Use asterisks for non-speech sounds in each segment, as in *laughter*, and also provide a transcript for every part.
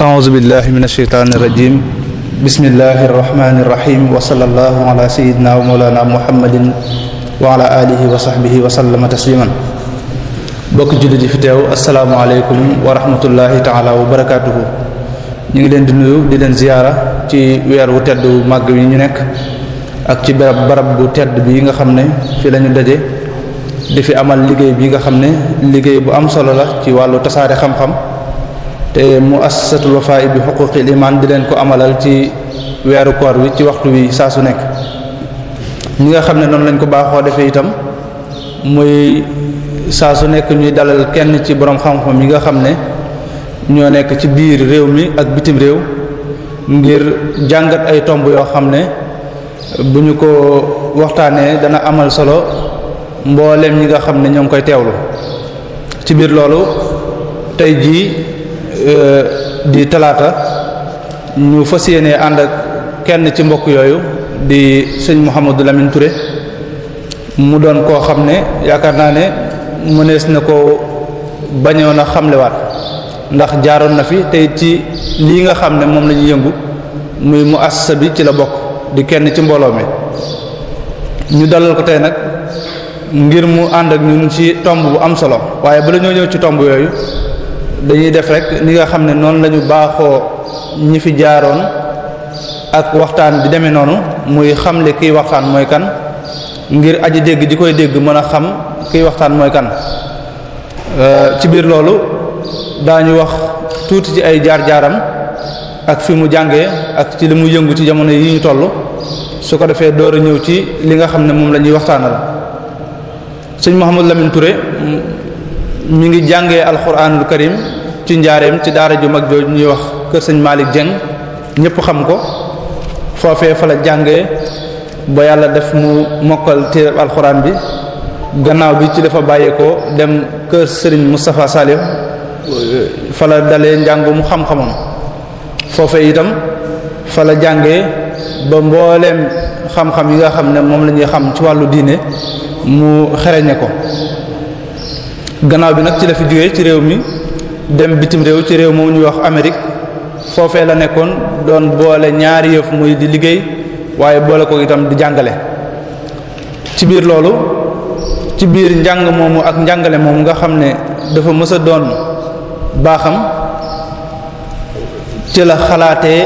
أعوذ بالله من الشيطان الرجيم بسم الله الرحمن الرحيم وصلى الله على سيدنا ومولانا محمد وعلى آله وصحبه وسلم تسليما bokk jullit yi fi teew asalaamaaleykum wa rahmatullahi taala wa barakaatuhu ñu ngi leen di nuyu di leen ziyaara ci weer wu tedd màgg wi ñu nekk ak ci barab barab bu tedd bi nga xam ne fi lañu daje di fi amal liggéey bi nga xam ne liggéey bu am solo la ci wàllu tasaare xam-xam te mu assasatul wafa'i bi xuquqil iman di leen ko amalal ci weeru koor wi ci waxtu wi saa su nekk ñi nga xam ne noonu lañ ko baaxoo defee itam muy saa su nekk ñuy dalal kenn ci borom xam-xam yi nga xam ne ñoo nekk ci biir réew mi ak bitim réew ngir jàngat ay tomb yoo xam ne bu ñu ko waxtaanee dana amal solo mbooleem ñi nga xam ne ñoo ngi koy teewlu ci biir loolu tey jii euh, di talaata ñu fas yéene ànd ak kenn ci mbokk yooyu di sëñ Mouhamadou Lamine Touré mu doon koo xam ne yaakaar naa ne mënees na ko bañoon a xamlewaat ndax jaaroon na fi tey ci lii nga xam ne moom lañuy yëngu muy mu assasa bi ci la bokk di kenn ci mbooloo mi ñu dalal ko tey nag ngir mu ànd ak ñun ci tomb bu am solo waaye bala ñoo ñëw ci tomb yooyu dañuy def rek li nga xam ne noonu la ñu baaxoo ñi fi jaaroon ak waxtaan bi demee noonu muy xamle kiy waxtaan mooy kan ngir aji dégg di koy dégg mën a xam kiy waxtaan mooy kan euh, ci biir loolu daañu wax tuuti ci ay jaar-jaaram ak fi mu jàngee ak ci li mu yëngu ci jamono yi ñu toll su ko defee door a ñëw ci li nga xam ne moom lañuy waxtaanal sëñ Mouhamadou Lamine ture mu ngi jàngee alxuraanul karim ci njaareem ci daara ju mag jooju ñuy wax kër sëñ Malick Dieng ñëpp xam ko foofee fa la jàngee ba yàlla def mu mokkal téereb alxuraan bi gannaaw bi ci dafa bàyyeekoo dem kër Serigne Moustapha Salim fa la dalee njàng mu xam-xamam foofe itam fa la jàngee ba mbooleem xam-xam yi nga xam ne moom lañuy xam ci wàllu diine mu xereñe ko gannaaw bi nag ci la fi jógee ci réew mi dem bitim réew ci réew moomu ñuy wax amerig foofee la nekkoon doon boole ñaari yëf muy di liggéey waaye boole ko itam di jàngale ci biir loolu ci biir njàng moomu ak njàngale moomu nga xam ne dafa mës a doon baaxam ci la xalaatee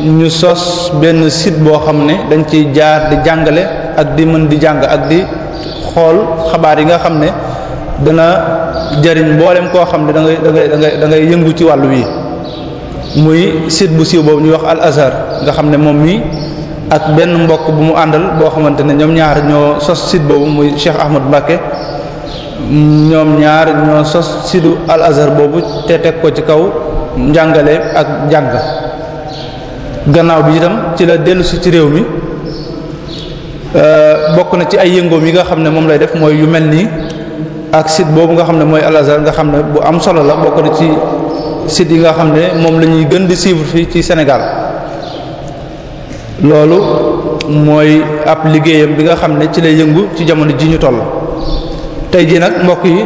ñu sos benn site boo xam ne dañ ciy jaar di jàngale ak di mën di jàng ak di xool xabaar yi nga xam ne dana jariñ mboolem koo xam ne da ngay da yëngu ci wàllu wi muy site bu siiw boobu ñuy wax Al Azhar nga xam ne moom mii ak benn mbokk bu mu àndal boo xamante ne ñoom ñaar ñoo sos site boobu muy Cheikh Ahmad Mbacké ñoom ñaar ñoo sos sidu al boobu te teg ko ci kaw njàngale ak njàng gannaaw bi itam ci la dellusi ci réew mi euh, bokk na ci ay yëngoom yi nga xam ne moom lay def mooy yu mel nii ak site boobu nga xam ne mooy al nga xam ne bu am solo la bokk na ci sid yi nga xam ne moom la ñuy gën di suivre fii ci Sénégal loolu mooy ab liggéeyam bi nga xam ne ci lay yëngu ci jamono ji ñu toll tey ji nag mbokk yi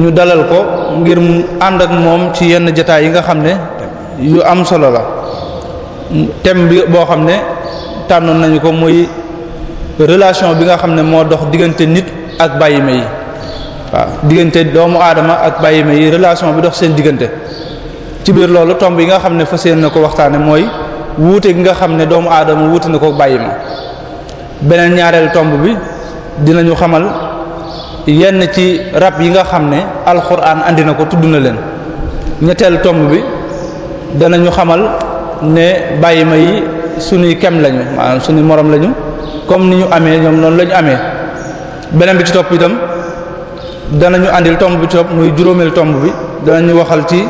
ñu dalal ko ngir ànd ak moom ci yenn jataay yi nga xam ne yu am solo la thème bi boo xam ne tànnoon nañu ko muy relation bi nga xam ne moo dox diggante nit ak bàyyima yi waaw diggante doomu aadama ak bàyyima yi relation bi dox seen diggante ci biir loolu tomb yi nga xam ne fa yéene na ko waxtaane mooy wuute gi nga xam ne doomu aadama wuute na ko bàyyi ma beneen ñaareel tomb bi dinañu xamal yenn ci rab yi nga xam ne alxuraan àndina ko tudd na leen ñetteel tomb bi danañu xamal ne bàyyi ma yi suñuy kem lañu maanaam suñuy morom lañu comme ni ñu amee ñoom noonu lañu amee beneen bi ci topp itam danañu andil tomb bi ci topp muy juróomeel tomb bi danañu waxal ci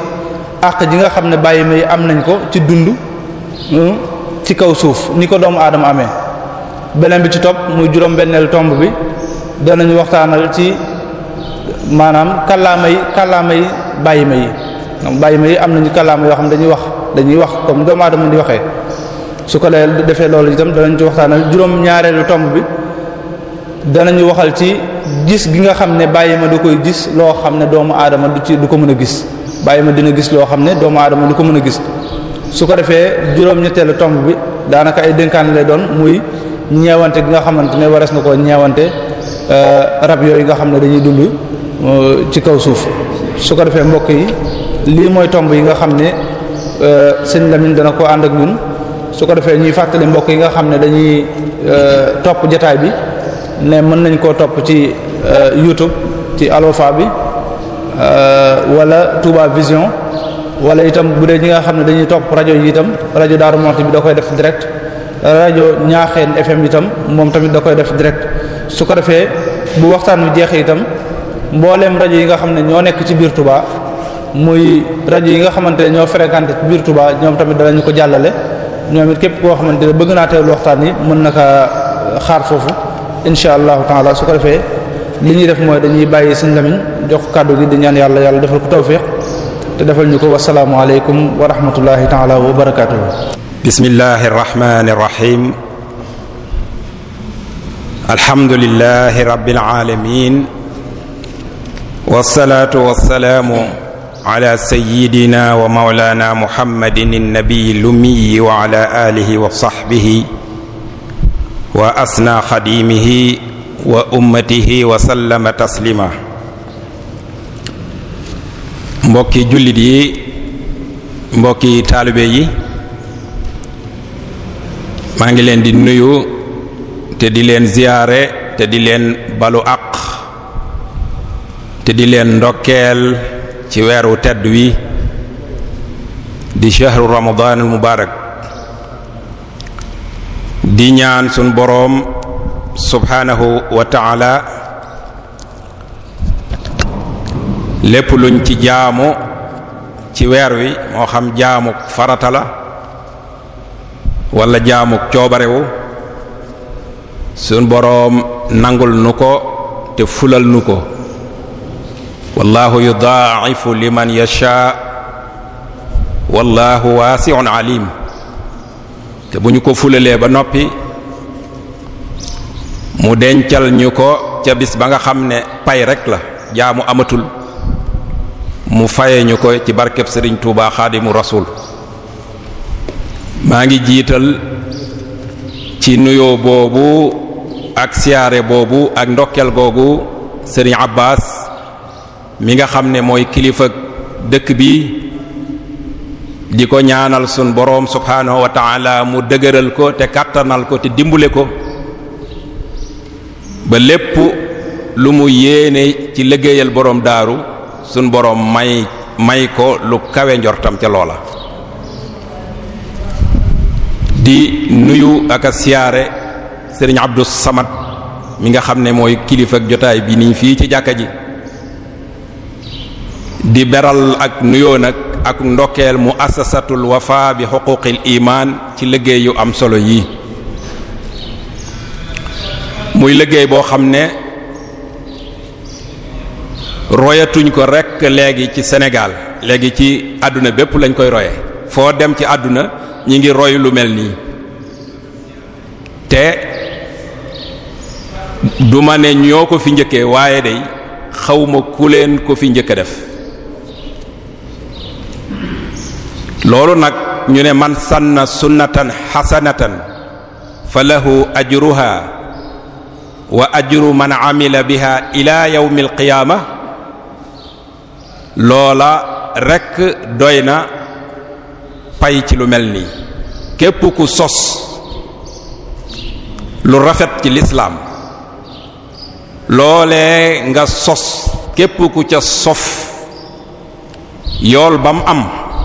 àq ji nga xam ne bàyyi ma yi am nañ ko ci dund ci kaw suuf ni ko doomu aadama amee beneen bi ci topp muy juróom benneelu tomb bi danañu waxtaanal ci maanaam kàllaama yi kàllaama yi bàyyi ma yi bàyyi ma yi am nañu kàllaama yoo xam dañuy wax dañuy wax comme doomu aadama di waxee su ko lee defee loolu itam danañ ci waxtaanal juróom ñaareelu tomb bi danañu waxal ci gis gi nga xam ne bàyyi ma du koy gis loo xam ne doomu aadama du ci du ko mën a gis bàyyi ma dina gis loo xam ne doomu aadama du ko mën a gis su ko defee juróom-ñetteelu tomb bi daanaka ay dénkaan lay doon muy ñeewante gi nga xamante ne warees nga koo ñeewante euh, rab yooyu nga xam ne dañuy dund euh, ci kaw suuf su ko defee mbokk yi lii mooy tomb yi nga xam ne euh, sëñ Lamine dana ko ànd ak ñun su ko defee ñuy fàttali mbokk yi nga xam ne dañuy topp jataay bi ne mën nañ koo topp ci YouTube ci Alwafa bi wala Touba Vision wala itam bu dee ñi nga xam ne dañuy topp rajo yi itam rajo Daaru Muxti bi da koy def direct rajo Ñaaxeen FM itam moom tamit da koy def direct su ko defee bu waxtaan wi jeexee itam mboolem rajo yi nga xam ne ñoo nekk ci biir tubaa muy rajo yi nga xamante ñoo fréquenté ci biir tubaa ñoom tamit danañu ko jàllale ñoom it képp koo xamante ne bëgg naa teewlu waxtaan yi mën na ka xaar foofu incha allahu taala su ko defee li ñuy def mooy dañuy bàyyi sëñ Lamin jox kàddu gi di ñaan yàlla yàlla defal ko tawfiq te defal ñu ko wasalaamu aleykum wa rahmatullahi taala wa barakatuhu bismillahi rahmani rahim alhamdulillahi rabbil alamin wasalaatu wasalaamu ala sayidina wa maulana muhammadin annabiyi lumiyi wa ala alihi wa sahbihi wa asna xadimihi wa ummatihi wa sallama taslima mbokki jullit yi mbokki taalibe yi maa ngi leen di nuyu te di leen ziyaare te di leen balu àq te di leen ndokkeel ci weeru tedd wi di shahru ramadan al mubarak di ñaan sun boroom subhanahu wa ta'ala lépp luñ ci jaamu ci weer wi moo xam jaamuk farata la wala jaamuk coobarewu suñ boroom nangul nu ko te fulal nu ko wallahu yudaa'ifu liman yashaa wallahu waasi'un alim te bu ñu ko fulalee ba noppi mu dencal ñu ko ca bis ba nga xam ne pay rek la jaamu amatul mu faye ñu ko ci barkeb sëriñ Touba xaadimu rasul maa ngi jiital ci nuyoo boobu ak siyaare boobu ak ndokkeel googu sëriñ Abbas mi nga xam ne mooy kilifa dëkk bi di ko ñaanal sun boroom subhaanahu wa mu dëgëral ko te kàttanal ko te dimbale ko ba lépp lu mu yéene ci liggéeyal boroom daaru sunu boroom may may ko lu kawe njortam ca loola di nuyu ak a siyaare sëriñ Abdou Samad mi nga xam ne mooy kilifa ak jotaay bi nii fii ci jàkka ji di beral ak nuyoo nag ak ndokkeel mu assasatul wafa bi xuquqil iman ci liggéey yu am solo yii muy liggéey boo xam ne royatuñ ko rekk léegi ci senegaal léegi ci àdduna bépp lañ koy roye foo dem ci àdduna ñi ngi roy lu mel nii te du ma ne ñoo ko fi njëkkee waaye day xawma ku leen ko fi njëkk a def loolu nag ñu ne man sanna sunnatan xasanatan fa lahu ajruha wa ajru man amila biha ila yawmi alqiyaama loola rekk doy na pay ci lu mel nii képp ku sos lu rafet ci lislaam loolee nga sos képp ku ca sof yool ba am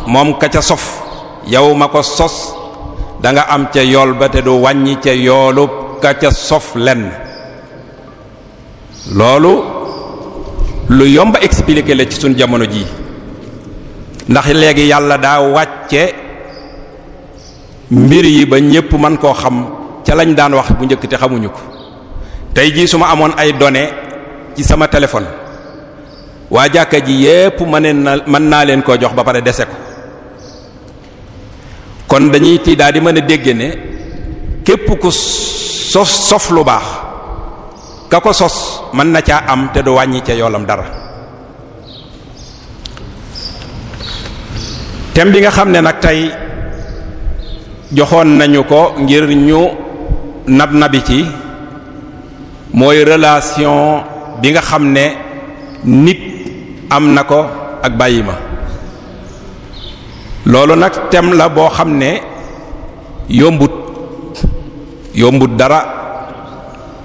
moom ka ca sof yow ma ko sos da nga am ca yool ba te du wàññi ca yoolu ka ca sof lenn loolu lu yomb expliquer la ci suñ jamono jii ndax léegi yàlla daa wàcce mbir yi ba ñépp man koo xam ca lañ daan wax bu njëkk te xamuñu ko tey jii su ma amoon ay données ci sama téléphone waa jàkka ji yépp mëneen na naa leen koo jox ba pare dese ko kon dañuy ci daal di mën a dégg ne képp ku sof sof lu baax ka ko sos mën na caa am te du wàññi ca yoolam dara tem bi nga xam ne nag tey joxoon nañu ko ngir ñu nab nabi ci mooy relation bi nga xam ne nit am na ko ak bàyyi ma loolu nag tem la boo xam ne yombut yombut dara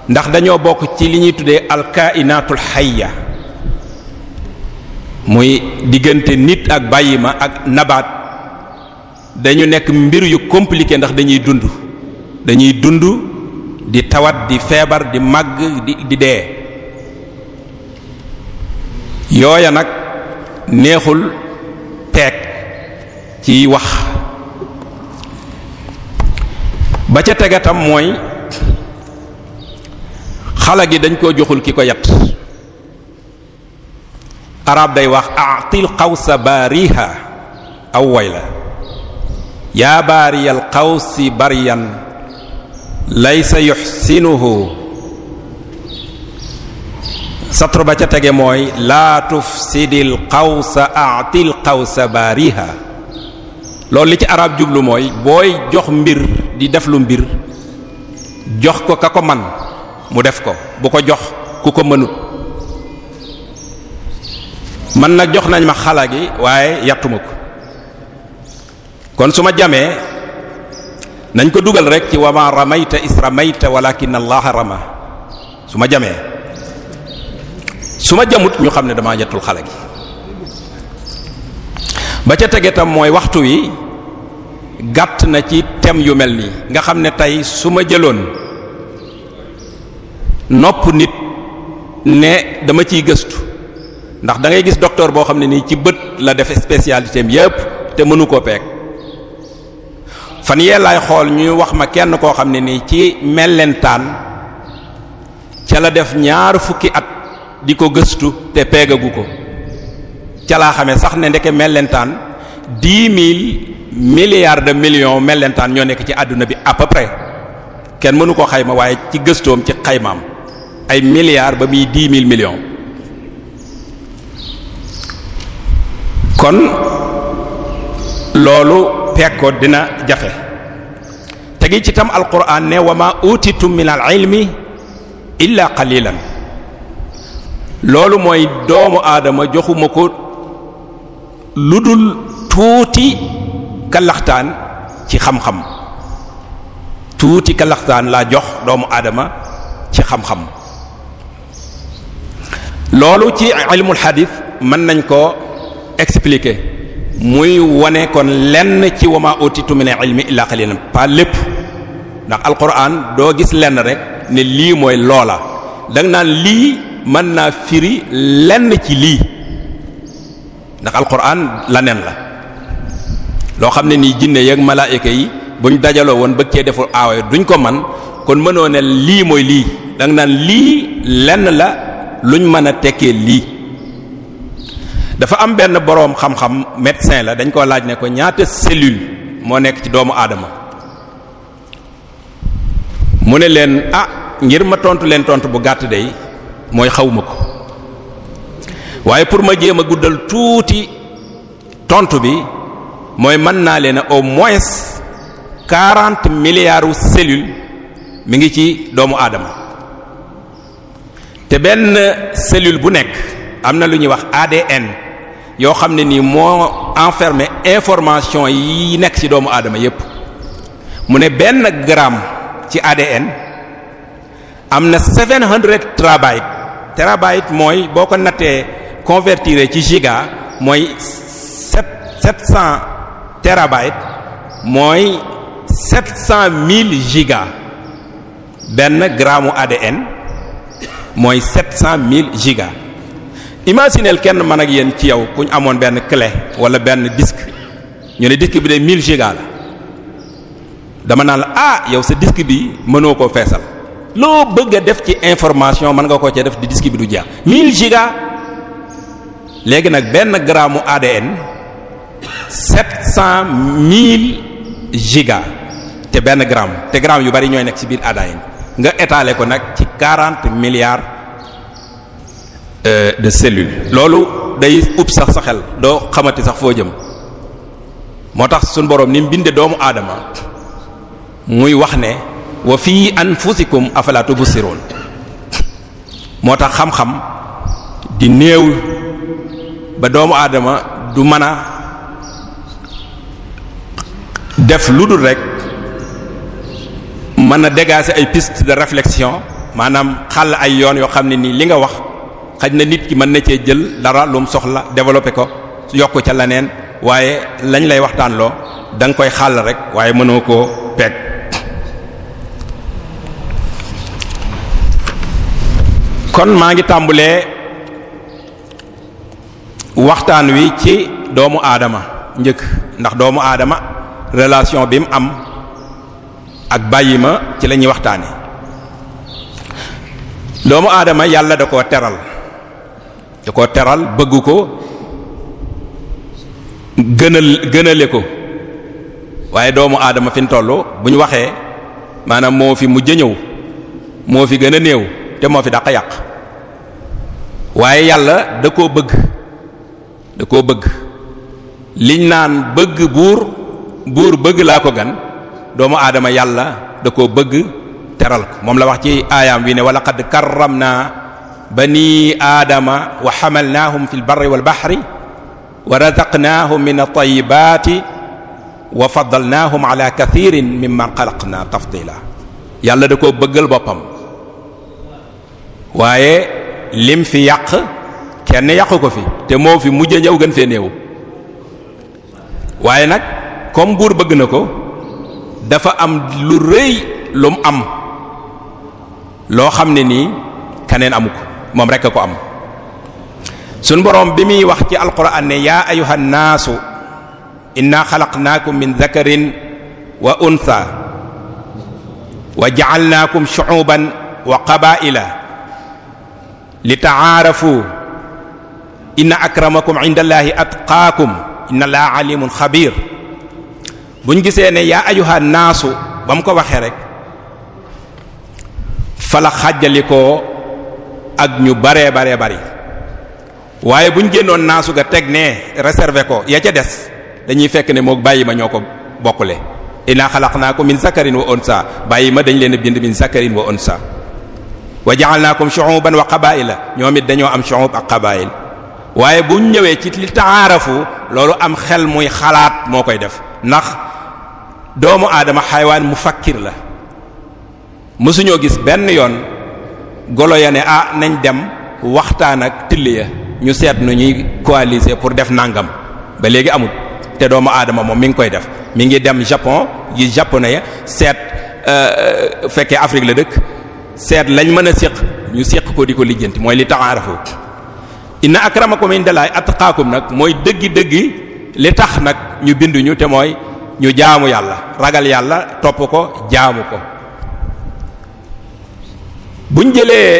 ndax dañoo bokk ci li ñuy tuddee alkaainaatul xayya muy diggante nit ak bàyyi ma ak nabaat dañu nekk mbir yu compliqué ndax dañuy dund dañuy dund di tawat di feebar di màgg di dee yooya nag neexul peeg ciy wax ba ca tegatam mooy xala gi dañ koo joxul ki ko yat arab day wax atil xawsa baariha aw woy la yaa baariyal xawsi bariyan laysa yuxsinuhu satru ba ca tege mooy laa tufsidil xawsa atil xawsa baariha loolu li ci arab jublu mooy booy jox mbir di def lu mbir jox ko ka ko man mu def ko bu ko jox ku ko mënut man nag jox nañ ma xalagi waaye yattuma ko kon su ma jamee nañ ko dugal rek ci wama ramayta is ramayta walakin allaha rama su ma jamee su ma jamut ñu xam ne damaa yettul xala ba ca tege tam mooy waxtu wi gàtt na ci tem yu mel nii nga xam ne tey su ma jëloon nopp nit ne dama ciy gëstu ndax da ngay gis docteur boo xam ne nii ci bët la def spécialité am yépp te mënu koo peeg fan yee laay xool ñuy wax ma kenn koo xam ne nii ci mellentaan ca la def ñaar fukki at di ko gëstu te peegagu ko ca laa xamee sax ne ndeke mellentaan dix mille milliards de millions mellentaan ñoo nekk ci àdduna bi à peu kenn mënu koo xayma waaye ci gëstoom ci xaymaam ay milliards ba muy dix mille millions kon loolu pekkoo dina jafe tegi ci tam alquran ne wa ma utitum min al ilmi illa qalilan loolu mooy doomu aadama joxuma ko lu dul tuuti kalaxtaan ci xam-xam tuuti kalaxtaan laa jox doomu aadama ci xam-xam loolu ci ilmul xadis mën nañ koo explike muy wane kon lenn ci wama utitu min ilmi illa qalilan pas lépp ndax alquran doo gis lenn rek ne lii mooy loola danga naan lii mën naa firi lenn ci lii ndax alquran la nen la loo xam ne nii jinne yeeg malaayika yi ñu dajaloo woon bëgg cee deful aawaay duñ ko man kon mënoo ne lii mooy lii danga naan lii lenn la luñ mën a tekkee lii dafa am benn boroom xam-xam médecin la dañ koo laaj ne ko ñaata cellule moo nekk ci doomu aadama mu ne leen ah ngir ma tontu leen tontu bu gàtt day mooy xaw ko waaye pour ma jéem a guddal tuuti tontu bi mooy mën naa leen au moins quarante milliards cellules mi ngi ci doomu aadama te benn cellule bu nekk am na lu ñuy wax ADN yoo xam ne nii moo enfermé information yi nekk ci doomu aadama yépp mu ne benn gramme ci ADN am na 700 terabytes terabytes mooy boo ko nattee convertir ci giga mooy sept 700 terabytes mooy 700 000 giga benn gramme ADN. mooy sept cent mille giga imagineel kenn mën ak yéen ci yow ku ñu amoon benn clé wala benn disque ñu ne disque bi de mille giga la dama naan la ah yow sa disque bi mënoo koo feesal loo bëgg a def ci information mën nga ko cee def di disque bi du jeex mille giga léegi nag benn gramme ADN sept cent mille giga te benn gramme te gramme yu bari ñooy nekk ci biir ADN. nga étaler ko nag ci quarante milliards euh, de cellules loolu day ub sax sa xel doo xamati sax foo jëm moo tax suñ boroom ni mu doomu aadama muy wax ne wa fii anfusikum bu tubsiroon moo tax xam-xam di néew ba doomu aadama du mën a def lu dul rek mën na dégager ay piste de réflexion maanaam xàll ay yoon yoo xam ne nii li nga wax xaj na nit ki mën na cee jël dara lu mu soxla développer ko yokk ca leneen waaye lañ lay waxtaanloo da nga koy xàll rek waaye mënoo koo peeg. kon maa ngi tàmbulee waxtaan wi ci doomu aadama njëkk ndax doomu aadama relation bi mu am. ak bàyyi ma ci lañuy waxtaane doomu aadama yàlla da koo teral da koo teral bëgg ko gënal gënale ko waaye doomu aadama fi mu bu ñu waxee maanaam moo fi mujj ñëw moo fi gën a néew te moo fi daq yàq waaye yàlla da koo bëgg da koo bëgg liñ naan bëgg buur buur bëgg laa ko gan doomu aadama yàlla da koo bëgg teral ko moom la wax ci aayaam wi ne wa laqad karramna bani aadama wa hamalnaahum fil barri wal bahri wa razaqnaahum min at-tayyibaati wa faddalnaahum ala kathirin mimman xalaqna tafdila yàlla da koo bëggal boppam waaye lim fi yàq kenn yàqu ko fi te moo fi mujj ñëw gën fee néew waaye nag comme buur bëgg na ko dafa am lu rëy lu mu am loo xam ne nii keneen amu ko moom rekk ko am suñ boroom bi muy wax ci alquran ne yaa ayuha nnaasu inna xalaqnaakum min dakarin wa untha wa jacalnaakum shucuuban wa qabaila li tacaarafu inna akramakum inda allahi atqaakum inna allaha alimun xabir bu buñ gisee ne yaa ayuha naasu ba mu ko waxee rek fala xàjjalikoo ak ñu baree baree bari waaye buñ génnoon naasu ga teg ne réservé ko ya ca des dañuy fekk ne moog bàyyi ma ñoo ko bokkule inna xalaqnaakum min zakarin wa unsa bàyyi ma dañ leen bind min zakarin wa unsa wa ja'alnaakum shu'uban wa qabaila ñoom it dañoo am shu'ub ak qabail waaye buñ ñëwee ci li taarafu loolu am xel muy xalaat moo koy def ndax doomu aadama xaywaan mu fakkir la mësuñoo gis benn yoon golo ya ne ah nañ dem waxtaan ak till ya ñu seet nu ñuy coaliser pour def nangam ba léegi amut te doomu aadama moom mi ngi koy def mi ngi dem japon yi japonais ya seet euh, euh, fekkee Afrique la dëkk seet lañ mën a séq ñu séq ko di ko lijjanti mooy li taxaarafu inna akramakum indallahi atqaakum nag mooy dëggi dëggi li tax nag ñu binduñu te mooy ñu jaamu yàlla ragal yàlla topp ko jaamu ko buñ jëlee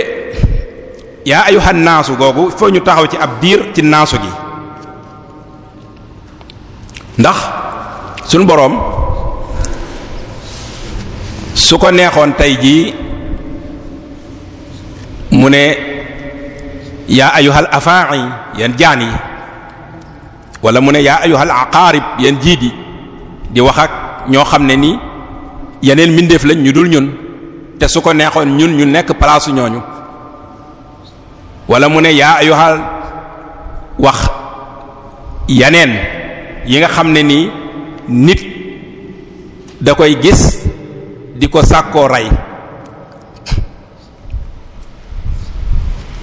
yaa ayuhan naasu googu foo ñu taxaw ci ab diir ci naasu gi ndax suñ boroom su ko neexoon tey jii mu ne yaa ayuhal afaa'i yeen jaan yi wala mu ne yaa ayyuhal aqaarib yéen jiit yi di wax ak ñoo xam ne ni yeneen mbindeef lañ ñu dul ñun te su ko neexoon ñun ñu nekk palaasu ñooñu wala mu ne yaa ayyuhal wax yeneen yi nga xam ne nii nit da koy gis di ko sàkkoo rey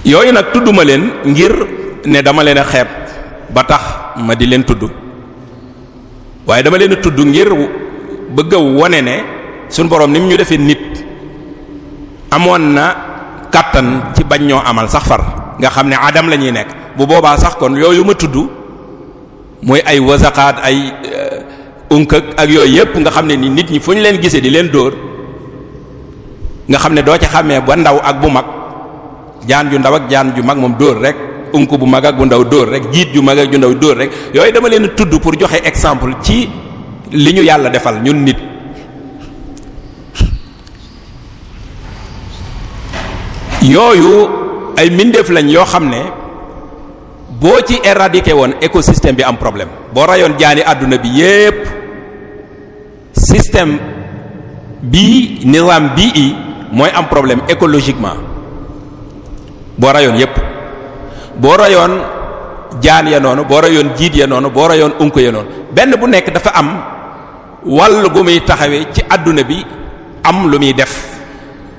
yooyu nag tudduma leen ngir ne dama leen a xeeb ba tax ma di leen tudd waaye dama leen tudd ngir bëgg a wone ne suñ boroom ni mu ñu defee nit amoon na kàttan ci bañ ñoo amal sax far nga xam ne aadam lañuy nekk bu boobaa sax kon yooyu ma tudd mooy ay wasaqaat ay euh, unkak ak yooyu yépp nga xam ne ni nit ñi fu ñu leen gisee di leen dóor nga xam ne doo ci xamee ba ndaw ak bu mag jaan ju ndaw ak jaan ju mag moom dóor rek unk bu mag ak bu ndaw dóor rek jiit ju mag ak ju ndaw dóor rek yooyu dama leen tudd pour joxe exemple ci li ñu yàlla defal ñun nit yooyu ay mbindeef lañ yoo xam ne boo ci éradiquer woon écosystème bi am problème boo rayoon jaani àdduna bi yépp système bi nizaam bii mooy am problème écologiquement boo rayoon yépp boo rayoon jaan ya noonu boo rayoon jiit ya noonu boo rayoon unko ya noonu benn bu nekk dafa am wàll gu muy taxawee ci àdduna bi am lu muy def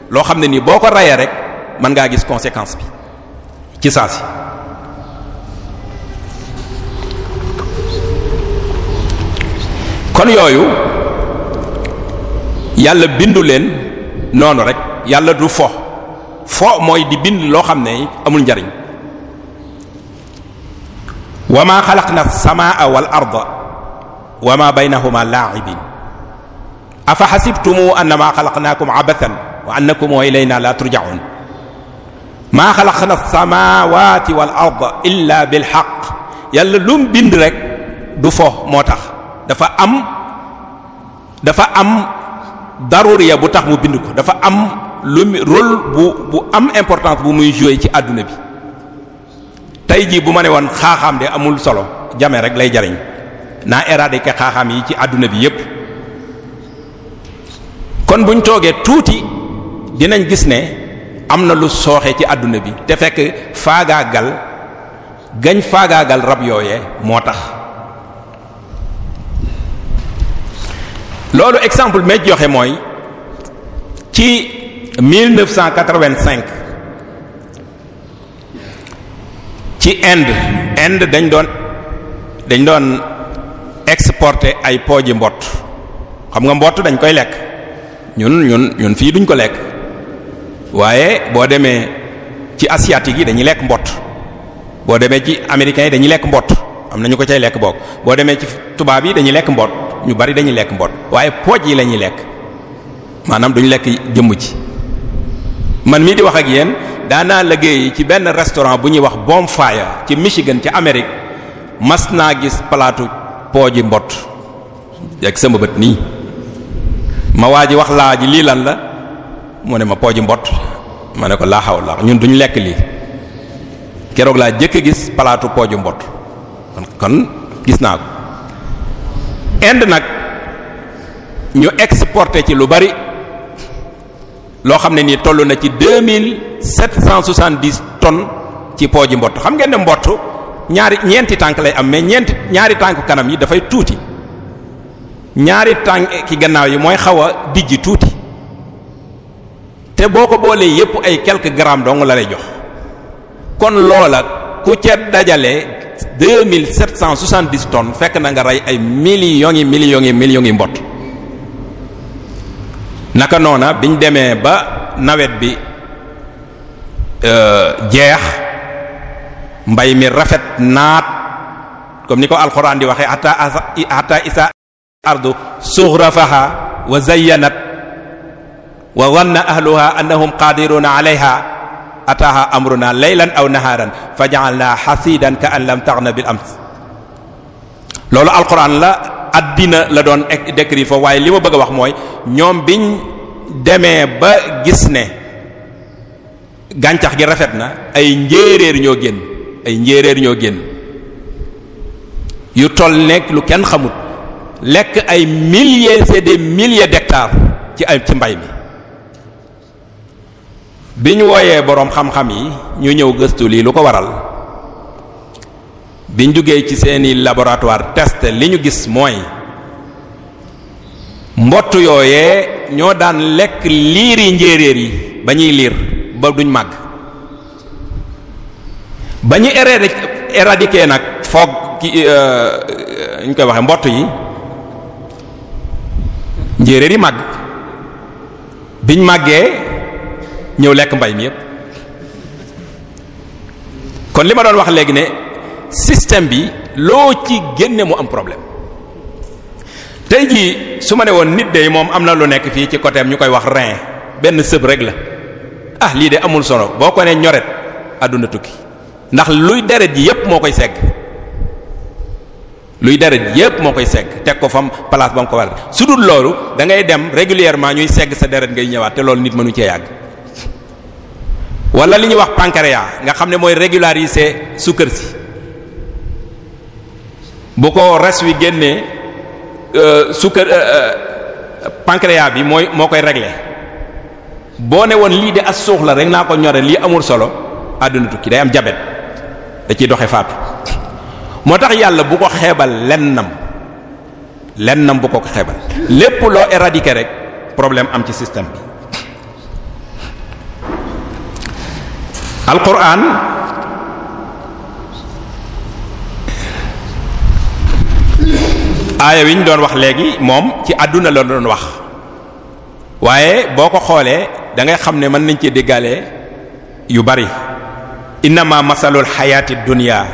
loo xam ne nii boo ko rayee rek mën ngaa gis conséquence bi ci saa si kon yooyu yàlla bindu leen noonu rek yàlla du fo fo mooy di bind loo xam ne amul njariñ wa maa xalaqna as-samaa wal arda wa maa baynahuma laa'ibin afa xasibtumu annamaa xalaqnaakum abathan wa annakum ilayna laa turja'un maa xalaqna as-samaawaati wal arda illa bil haqq yàlla lu mu bind rek du fo moo tax dafa am dafa am daruriya bu tax mu bind ko dafa am lu mu rôle bu bu am importance bu muy jouer ci àdduna bi tey jii bu ma ne woon xaaxaam de amul solo jame rek lay jariñ naa éradiquer xaaxaam yi ci àdduna bi yépp kon buñ toogee tuuti dinañ gis ne am na lu sooxe ci àdduna bi te fekk faagaagal gañ faagaagal rab yooyee moo tax loolu exemple ma joxe mooy ci 1985 ci Inde Inde dañ doon dañ doon exporter ay pooji mbott xam nga mbott dañ koy lekk ñun ñun ñun fii duñ ko lekk waaye boo demee ci asiatique yi dañuy lekk mbott boo demee ci américains yi dañuy lekk mbott am na ko cay lekk boog boo demee ci tubaab yi dañuy lekk mbott ñu bari dañuy lekk mbott waaye pooj yi lañuy lekk maanaam duñ lekk jëmm ci man mii di wax ak yéen daanaa liggéey ci benn restaurant bu ñuy wax Bonfire ci Michigan ci amerig mas naa gis palaatu pooji mbott ak sama bët nii ma waa ji wax laa ji lii lan la moo ne ma pooji mbott ma ne ko laa xaw ñun duñ lekk lii keroog laa jëkk gis palaatu pooju mbott kon gis naa ko Inde nag ñu exporté ci lu bari loo xam ne nii toll na ci deux mille sept cent soixante-dix tonnes ci pooji mbott xam ngeen ne mbott ñaari ñeenti tànk lay am mais ñeenti ñaari tànk kanam yi dafay tuuti ñaari tànk ki gannaaw yi mooy xaw a dijji tuuti te boo ko boolee yépp ay quelques grammes dong la lay jox kon loola ku ca dajale deux mille sept cent soixante-dix tonnes fekk na nga rey ay millions yi yi millions yi mbott naka noona biñ demee ba nawet bi euh, jeex mbay mi rafet naat comme ni ko alxuraan di waxee hatta hatta isa ardu sughrafaha wa zayyanat wa dhanna ahluha annahum qadiruna alayha ataaha amruna laylan aw naharan faj'alna hasidan ka'an lam taghna bil ams loolu alxuraan la àddina la doon décrire foofu waaye li ma bëgg wax mooy ñoom biñ demee ba gis ne gàncax gi rafet na ay njéeréer ñoo génn ay njéeréer ñoo génn yu toll nekk lu kenn xamut lekk ay milliers c'est des milliers ci ay ci mbay mi biñ wooyee boroom xam-xam yi ñu ñëw gëstu lii lu ko waral biñ jógee ci seeni laboratoire test li ñu gis mooy mbott yooyee ñoo daan lekk liiri njéeréer yi ba ñuy liir ba duñ màgg ba ñu éradiquer nag foog ki euh, euh, ñu koy waxe mbott yi njéeréer yi màgg biñ màggee ñëw lekk mbay mi yépp kon li ma doon wax léegi ne système bi loo ci génne mu am problème tey jii su ma ne woon nit de moom am na lu nekk fii ci côté ñu koy wax rein benn sëb rek la ah lii de amul solo boo ko nee ñoret àdduna tukki ndax luy deret ji yépp moo koy segg luy deret yépp moo koy segg teg ko fam place ba mu ko war su loolu da ngay dem régulièrement ñuy segg sa deret ngay ñëwaat te loolu nit mënu cee yàgg wala li ñuy wax pancréas nga xam ne mooy régulariser sukkër si bu ko res wi génnee euh, sukkar euh, euh, pancréas bi mooy moo koy régler boo ne woon lii de as suux la rek naa ko ñore lii amul solo àdduna tukki day am jabet da ciy doxe faatu moo tax yàlla bu ko xeebal lennam lennam bu ko ko xeebal lépp loo éradiquer rek problème am ci système bi alquran aaya wi ñu doon wax léegi moom ci àdduna la doon wax waaye boo ko xoolee dangay xam ne mën nañ ci déggale yu bari innama masalul xayaati dunya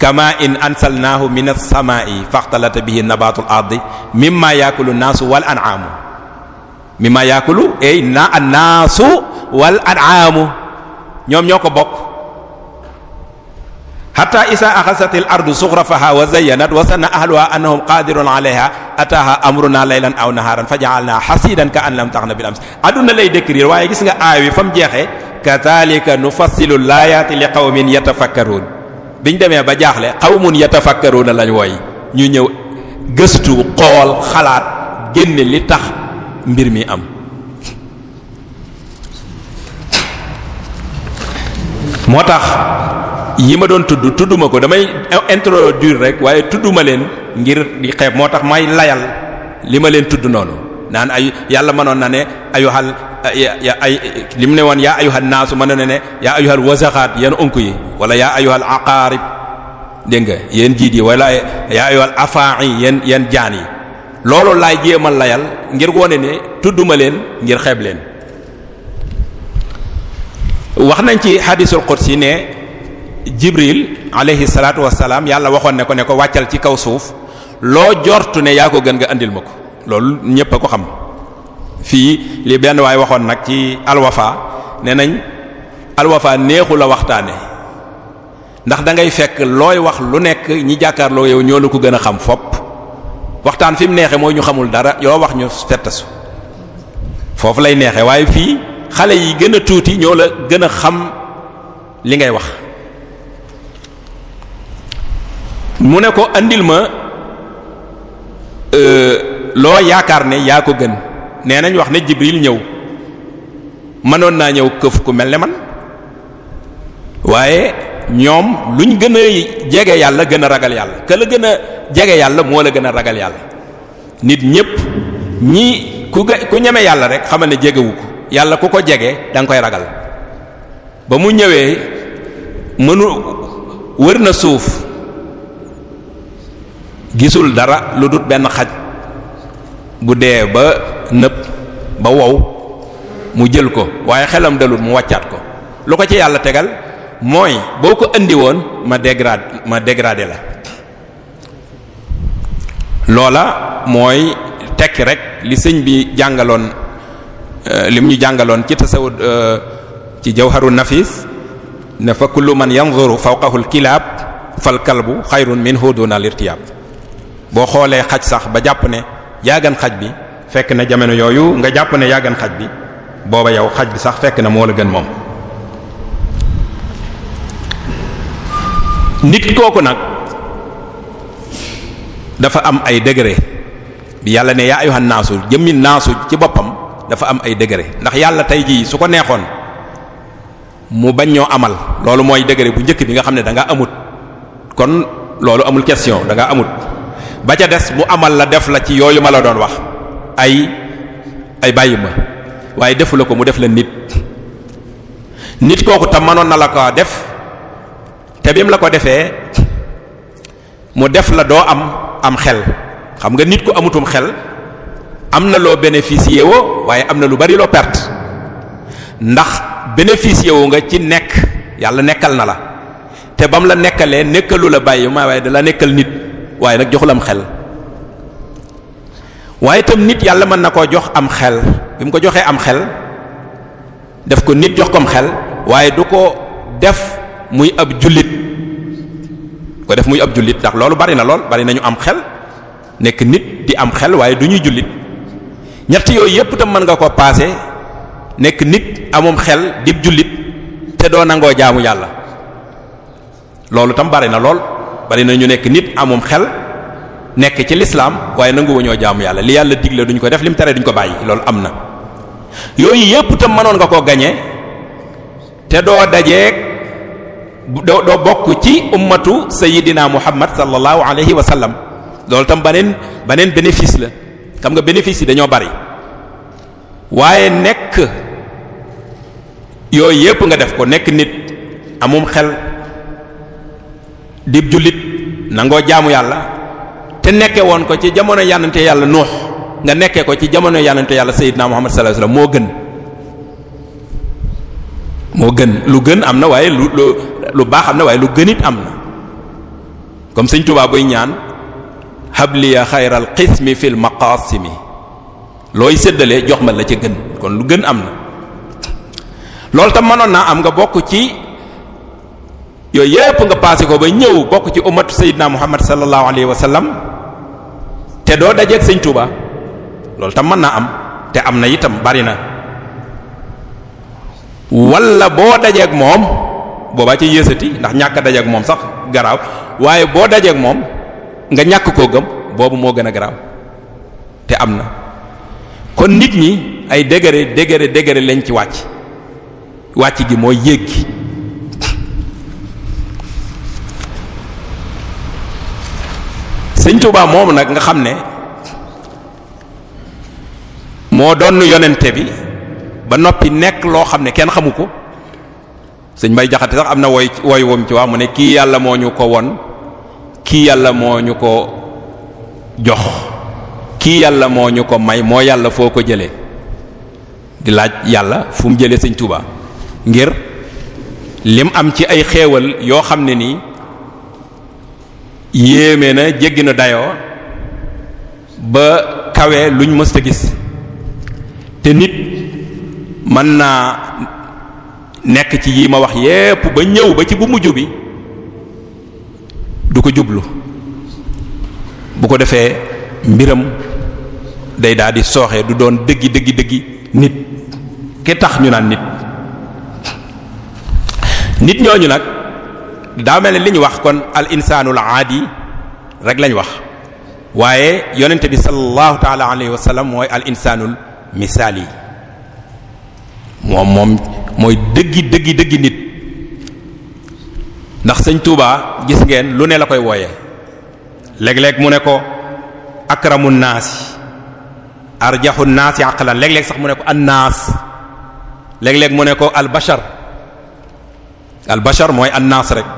kama in ansalnaahu min as-samaa'i faxtalata bihi nabaatul ardi mimma yaakulu naasu wal an'aamu mimma yaakulu ay na annaasu wal an'aamu ñoom ñoo ko bokk xataa isaa axasatil ardu suxrafaha wa zayyanat wa sanna ahluha annahum qaadirun alayha ataaha amruna laylan aw naharan fa ja'alna hasidan ka an lam taxna bil ams adduna lay décrire waaye gis nga aay wi fa mu jeexee kadhalika nufassilu laayaati li qawmin yatafakkaruun biñ demee ba jaaxle qawmun yatafakkaruuna lañ wooy ñu ñëw gëstu xool xalaat génne li tax mbir mi am moo tax yi ma doon tudd tudduma ko damay introduire rek waaye tudduma leen ngir di xeeb moo tax may layal li ma leen tudd noonu naan ay yàlla mënoon na ne ayuhal ay li mu ne woon yaa ayuhal naasu mënoon na ne yaa ayuhal wasaxaat yeen onk yi wala yaa ayuhal aqaarib dégg nga yeen jiit yi wala yaa ayuhal afaa'i yeen yeen jaan yi loolu laay jéem layal ngir wone ne tudduma leen ngir xeeb leen wax nañ ci hadisul qudsi ne jibril aleyhi salaatu salaam yàlla waxoon ne ko ne ko wàccal ci kaw suuf loo jortu ne yaa ko gën nga andil ma ko loolu ñépp a ko xam fii li benn waay waxoon nag ci alwafa ne nañ alwafa neexu la waxtaane ndax dangay fekk looy wax lu nekk ñi jàkkaarloo yow ñoo la ko gën a xam fopp waxtaan fi mu neexe mooy ñu xamul dara yoo wax ñu fettasu foofu lay neexe waaye fii xale yi gën a tuuti ñoo la gën a xam li ngay wax mu ne ko andil ma euh, loo yaakaar ne yaa ko gën nee nañ wax ne Jibril ñëw mënoon naa ñëw këf ku mel ne man waaye ñoom luñ gën a jege yàlla gën a ragal yàlla ke la gën a jege yàlla moo la gën a ragal yàlla nit ñépp ñi ku ga ku ñeme yàlla rek xamal ne jegewu ko yàlla ku ko jege danga koy ragal ba mu ñëwee mënu wër na suuf gisul dara lu dut benn xaj bu dee ba nëb ba wow mu jël ko waaye xelam dalul mu wàccaat ko lu ko ci yàlla tegal mooy boo ko indi woon ma dégrade ma dégradé la loola mooy tekki rek li sëñ bi jàngaloon euh, lim ñu jàngaloon ci tasawud euh, ci jawharu nafis ne fa kullu man yanzuru fawqahu al kilaab fal kalbu xayrun minhu duna boo xoolee xaj sax ba jàpp ne yaagan xaj bi fekk na jamono yooyu nga jàpp ne yaagan xaj bi booba yow xaj bi sax fekk na moo la gën moom nit kooku nag dafa am ay degré bi yàlla ne yaa ayuhan naasu jëmmi naasu ci boppam dafa am ay degré ndax yàlla tey jii su ko neexoon mu bañ ñoo amal loolu mooy degré bu njëkk bi nga xam ne danga amut kon loolu amul question danga amut ba ca des mu amal la def la ci yooyu ma la doon wax ay ay bàyyi ma waaye defu la ko mu def la nit nit kooku tam manoon na la ko def te bim la ko defee mu def la doo am am xel xam nga nit ku amatum xel am na loo bénéficier woo waaye am na lu bari loo perte ndax bénéficier wu nga ci nekk yàlla nekkal na la te bam la nekkalee nekkalu la bàyyi ma waaye dala nekkal nit waaye nag joxul am xel waaye itam nit yàlla mën na koo jox am xel bi mu ko joxee am xel def ko nit jox ko am xel waaye du ko def muy ab jullit ko muy ab jullit ndax loolu bari na lool bari nañu am xel nekk nit di am xel waaye du ñuy jullit ñett yooyu yépp tam mën nga ko paase nekk nit amum xel dib jullit te doo nangoo jaamu yàlla loolu tam bari na lool bari na ñu nekk nit amum xel nekk ci lislaam waaye nanguwu ñoo jaamu yàlla li yàlla digle duñ ko def lim tere duñ ko bàyyi loolu am na yooyu yépp tam mënoon nga koo gañe te doo dajeek doo doo bokk ci ummatu sayidina muhammad sallallahu alayhi wa sallam loolu tam beneen beneen bénéfice la xam nga bénéfice yi dañoo bari waaye nekk yooyu yépp nga def ko nekk nit amum xel dib jullit nangoo jaamu yàlla te nekke woon ko ci jamono yànnante yàlla nuux nga nekkee ko ci jamono yàllante yàlla sayyidina Muhammad sallallahu alayhi wasallam moo gën moo gën lu gën am na waaye lu lu lu na waaye lu gënit am na comme sëñ Tuubaa buy ñaan habliya xayral qismi fil maqasimi looy séddale jox ma la ca gën kon lu gën am na loolu tam mënoon naa am nga bokk ci yooyu yëpp nga passé ko ba ñëw bokk ci ummatu sayyidina muhammad sallallahu alayhi wa sallam te doo dajeeg sëñ Touba loolu tam mën naa am te am na itam bari na wala boo dajeeg moom booba ci yéesati ndax ñàkk a moom sax garaaw waaye boo dajeek moom nga ñàkk koo gëm boobu moo gën a garaaw te am na kon nit ñi ay degré degré degré lañ ci wàcc wàcc gi mooy yéeg sëñ Tuubaa moomu nag nga xam ne moo doon yonente bi ba noppi nekk loo xam ne kenn xamu ko sëñ may Jaxate sax am na woy woy wom ci waa mu ne kii yàlla moo ñu ko won kii yàlla moo ñu ko jox kii yàlla moo ñu ko may moo yàlla foo ko jëlee di laaj yàlla fu mu jëlee sëñ Tuubaa ngir lim am ci ay xéewal yoo xam ne nii yéeme na jéggi na dayoo ba kawe luñ mësta gis te nit mën naa nekk ci yi ma wax yépp ba ñëw ba ci bu mujj bi du ko jublu bu ko defee mbiram day daal di sooxee du doon dëggi dëggi dëggi nit ki tax ñu naan nit nit ñooñu nag daa mel ne li ñu wax kon al insaanul aadi rek lañ wax waaye yonente bi sallallahu taala alayhi wa sallam mooy al insaanul misaali moom moom mooy dëggi dëggi dëggi nit ndax sëñ tuuba gis ngeen lu ne la koy wooyee léeg-léeg mu ne ko akramu naasi arjaxu naasi aqlan léeg-léeg sax mu ne ko an naas léeg mu ne ko al bashar al bashar mooy an rek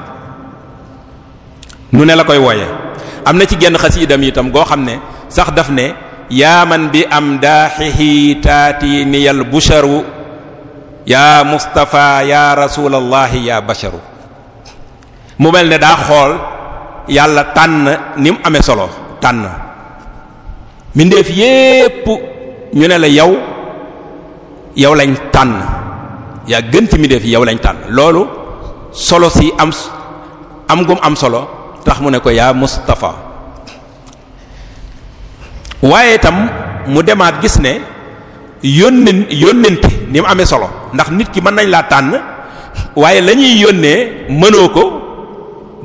nu ne la koy wooye am na ci genn xasiidam itam goo xam ne sax daf ne yaaman bi am daaxihi taati niyal busharu yaa mustafa yaa rasulallahi yaa basharu mu mel ne daa xool yàlla tànn ni mu amee solo tànn mbindeef yépp ñu ne la yow yow lañ tànn yaa gën ci mbindeef yi yow lañ tànn loolu solo si am am gum am solo tax mu ne ko yaa Mustafa waaye tam mu demaat gis ne yónnen yónnente ni mu amee solo ndax nit ki mën nañ laa tànn waaye lañuy yónnee mënoo ko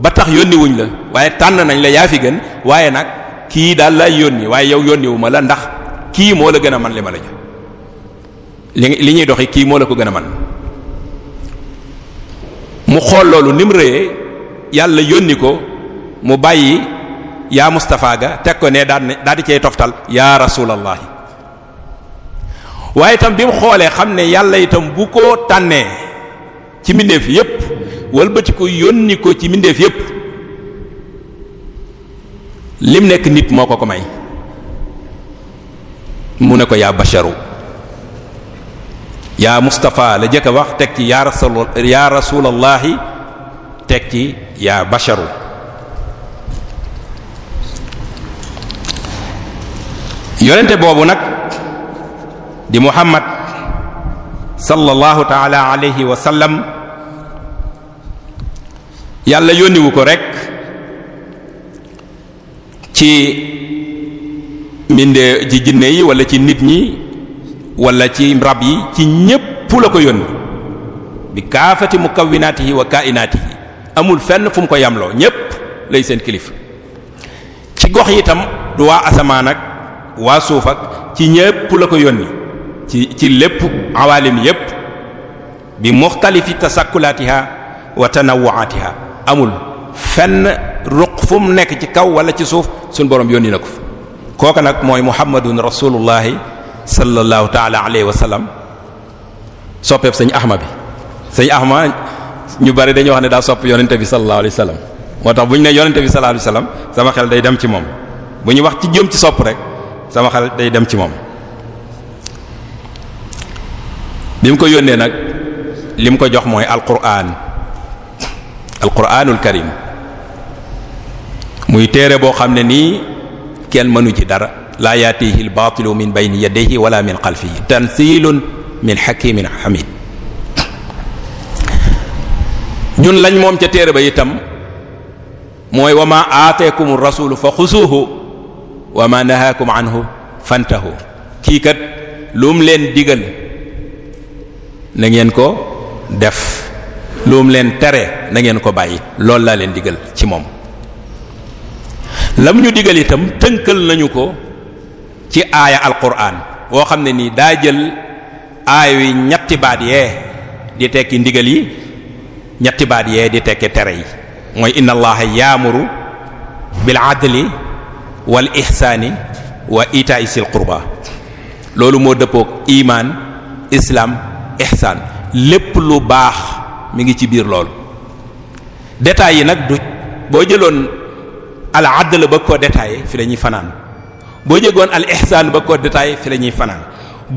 ba tax yónni la waaye tànn nañ la yaa fi gën waaye nag kii daal lay yónni waaye yow yónniwu la ndax kii moo la gën a man li ma la jox li li ñuy doxi kii moo la ko gën a man mu xool loolu ni mu rëyee yàlla yónni ko mu bàyyi yaa Moustapha ga teg ko ne daal di daal di cay toftal yaa rasulallahi waaye itam bi mu xoolee xam ne yàlla itam bu ko tànnee ci mbindeef yépp walbati ko yónni ko ci mbindeef yépp lim nekk nit moo ko ko may mu ne ko yaa basharu yaa Moustapha la jëkk wax teg ci yaa rasul yaa rasulallahi teg ci yaa basharu yonente boobu nag di muhammad sallallahu taala alayhi wa sallam yàlla yónniwu ko rekk ci mbinde ci jinne yi wala ci nit ñi wala ci rab yi ci ñépp la ko yónni bi kaafati mukawwinaatihi wa kaa'inaatihi amul fenn fu mu ko yamloo ñépp lay seen kilifa ci gox yi du waa asamaan ak waa suuf ak ci ñépp la ko yónni ci ci lépp awaalim yépp bi muxtalifi tasakkulaatiha wa tanawwaatiha amul fenn ruq fu mu nekk ci kaw wala ci suuf suñ borom yónni na ko fa kooka nag mooy muhammadun rasulullahi sallallahu taala alayhi wa sallam soppeeb sëñ ahma bi sëñ ahma ñu bari dañu wax ne daa sopp yonente bi sallallahu alayhi wa moo tax bu ñu ne yonente bi sallallahu alayhi wa sama xel day dem ci moom bu ñu wax ci jëm ci sopp rek sama xel day dem ci moom bi mu ko yónnee nag li mu ko jox mooy alquran alquranul karim muy téere boo xam ne nii kenn mënu ci dara laa yaatihi albaatilu min bayni yadayhi wala min xalfihi tansilun min xakimin hamid ñun lañ moom ca téere ba itam mooy wa ma aateekum rasulu fa xusuuhu wa ma nahaakum anhu fantahu kii kat lu mu leen digal na ngeen ko def lu mu leen tere na ngeen ko bàyyi loolu laa leen digal ci moom lam ñu digal itam tënkal nañu ko ci aaya alquran woo xam ne nii daa jël aaya yi ñetti yee di tekki ndigal yi ñetti baat yee di tekki tere yi mooy inna allaha yaamuru bil adli wal ihsaani wa itaay sil qurba loolu moo dëppook imaan islaam ihsaan lépp lu baax mi ngi ci biir loolu détails yi nag du boo jëloon al adl ba ko détaillé fi la fanaan boo jëgoon al ihsaan ba ko fanaan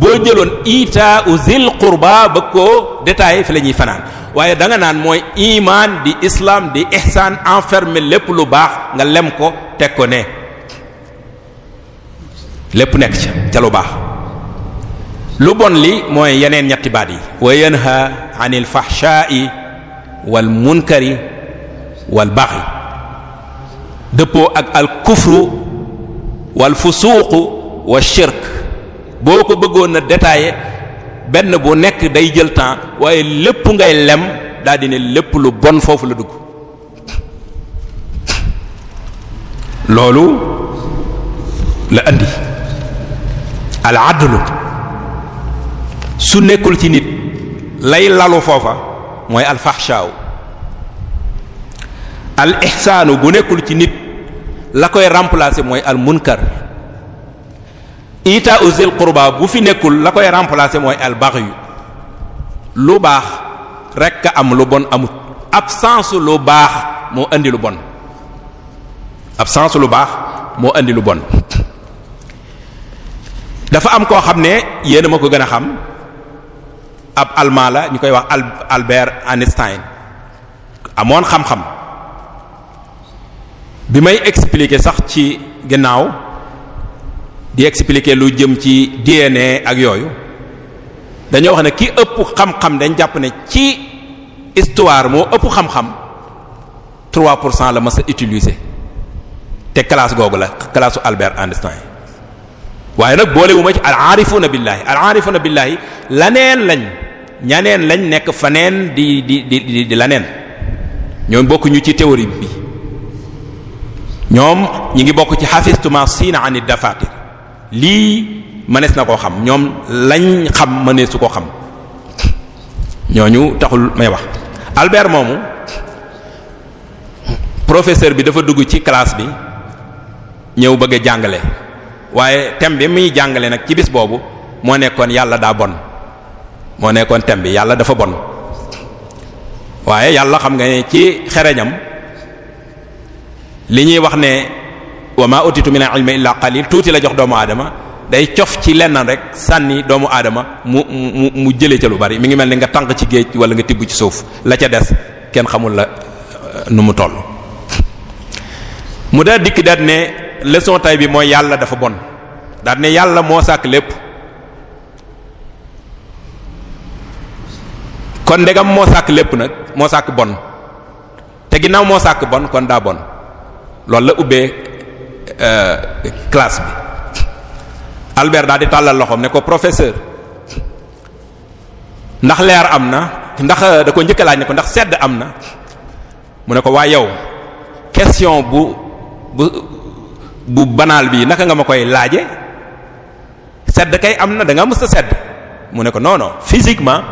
boo jëloon ita u zil qurba ba ko détaillé fi la fanaan waaye danga naan mooy imaan di islam di ihsaan enfermer lépp lu baax nga lem ko teg ko ne lépp nekk ca lu baax lu bon li mooy yeneen ñetti baat yi wa yanha anil fahsha'i wal munkari wal baxi dëppoo ak al kufru wal fusuuqu wa shirk boo ko bëggoon a détailler benn bu nekk day jël temps waaye lépp ngay lem daldi ne lépp lu bon foofu la dugg loolu la andi al adlu su nekkul ci nit lay lalu foofa mooy al faxshaaw al ixsaanu bu nekkul ci nit la koy remplacer mooy al munkar ita uzil qurba bu fi nekkul la koy remplacer mooy al baxyu lu baax rekk a am lu bon amut absence lu moo indi lu bon absence lu baax moo indi lu bon dafa am koo xam ne yéen a ma ko gën a xam ab allemand la ñu koy wax Albert Einstein amoon xam-xam bi may expliquer sax ci ginnaaw di expliquer lu jëm ci DNA ak yooyu dañoo wax ne ki ëpp xam-xam dañ jàpp ne ci histoire moo ëpp xam-xam 3 pour cent la ma sa utiliser te classe googu la classe Albert Einstein. waaye nag boolewuma ci al aarifuna billaahi al aarifuna laneen lañ ñaneen lañ nekk faneen di di di di laneen ñoom bokkuñu ci théorie bi ñoom ñi ngi bokk ci xafistuma siina ani dafaqir lii mënees na koo xam ñoom lañ xam mënees ko xam ñooñu taxul may wax Albert moomu professeur bi dafa dugg ci classe bi ñëw bëgg a jàngale waaye thème bi muy jàngale nag ci bis boobu moo nekkoon yàlla daa bon moo nekkoon thème bi yàlla dafa bon waaye yàlla xam nga ne ci xereñam li ñuy wax ne wa ma utitu min ilmi illa qalil tuuti la jox doomu aadama day cof ci lenn rek sànni doomu aadama mu mu mu jëlee ca lu bari mi ngi mel ni nga tànq ci géej wala nga tibb ci suuf la ca des kenn xamul la euh, nu mu toll mu daa dikk daat ne leçon tay bi mooy yàlla dafa bon daal ne yàlla moo sàkk lépp kon ndegam moo sàkk lépp nag moo sàkk bon te ginnaaw moo sàkk bon kon daa bon loolu la ubbee euh, classe bi Albert daal di tàllal loxoom ne ko professeur ndax leer am na ndax euh, da ko njëkk laaj ne ko ndax sedd am na mu ne ko waa yow question bu bu bu banaal bi naka nga ma koy laaje sedd kay am na danga nga mës sedd mu ne ko non non physiquement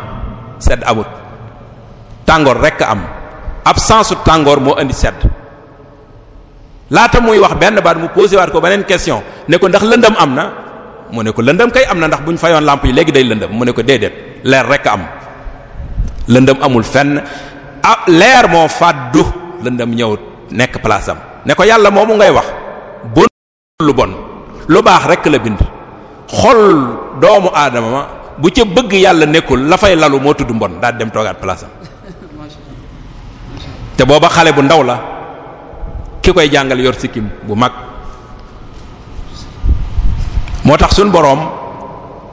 sedd amut tàngoor rekk am absence tàngoor moo indi sedd laata muy wax benn baat mu posé waat ko beneen question ne ko ndax lëndëm am na mu ne ko lëndëm kay am na ndax bu ñu fayoon làmp yi léegi day lëndëm mu ne ko déedéet leer rekk am lëndëm amul fenn ah leer moo fàddu lëndëm ñëw nekk place am ne ko yàlla moomu ngay wax. bon lu baax rek la bind xol doomu aadama ma bu ca bëgg yàlla nekkul la fay lalu moo tudd mbon daal dem toogaat place *laughs* te booba xale bu ndaw la ki koy jàngal yor sikkim bu mag moo tax suñ boroom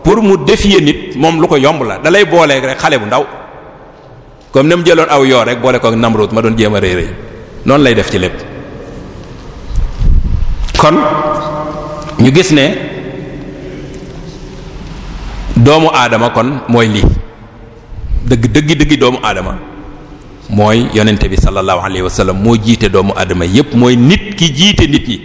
pour mu défier nit moom lu ko yomb la dalay boolee rek xale bu ndaw comme ni mu jëloon aw yoo rek boole ko Namrud ma doon jéem a réy noonu lay def ci lépp kon ñu gis ne doomu aadama kon mooy lii dëgg dëgg dëgg doomu aadama mooy yonente bi sallallahu alayhi wa sallam moo jiite doomu aadama yépp mooy nit ki jiite nit ñi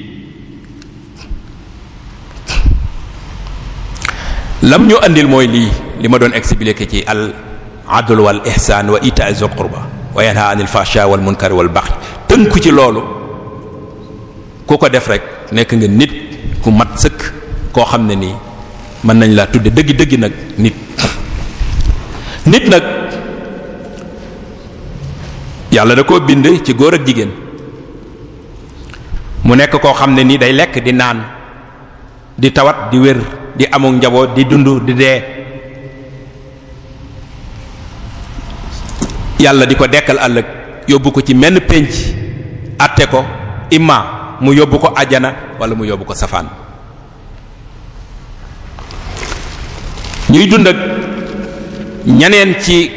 lam ñu indil mooy lii li ma doon explique ci al adl wal ihsan wa ita'i zul qurba wa yanha anil fahsha wal munkar wal baghy tënku ci loolu ku ko def rekk nekk nga nit ku mat sëkk koo xam ne nii mën nañ laa tudde dëggi dëggi nag nit nit nag yàlla da koo bind ci góor ak jigéen mu nekk koo xam ne nii day lekk di naan di tawat di wér di amul njaboot di dund di dee yàlla di ko dekkal àllëg yóbbu ko ci menn pénc àtte ko imma mu yóbbu ko ajana walla mu yóbbu ko safaan ñuy dund ak ñeneen ci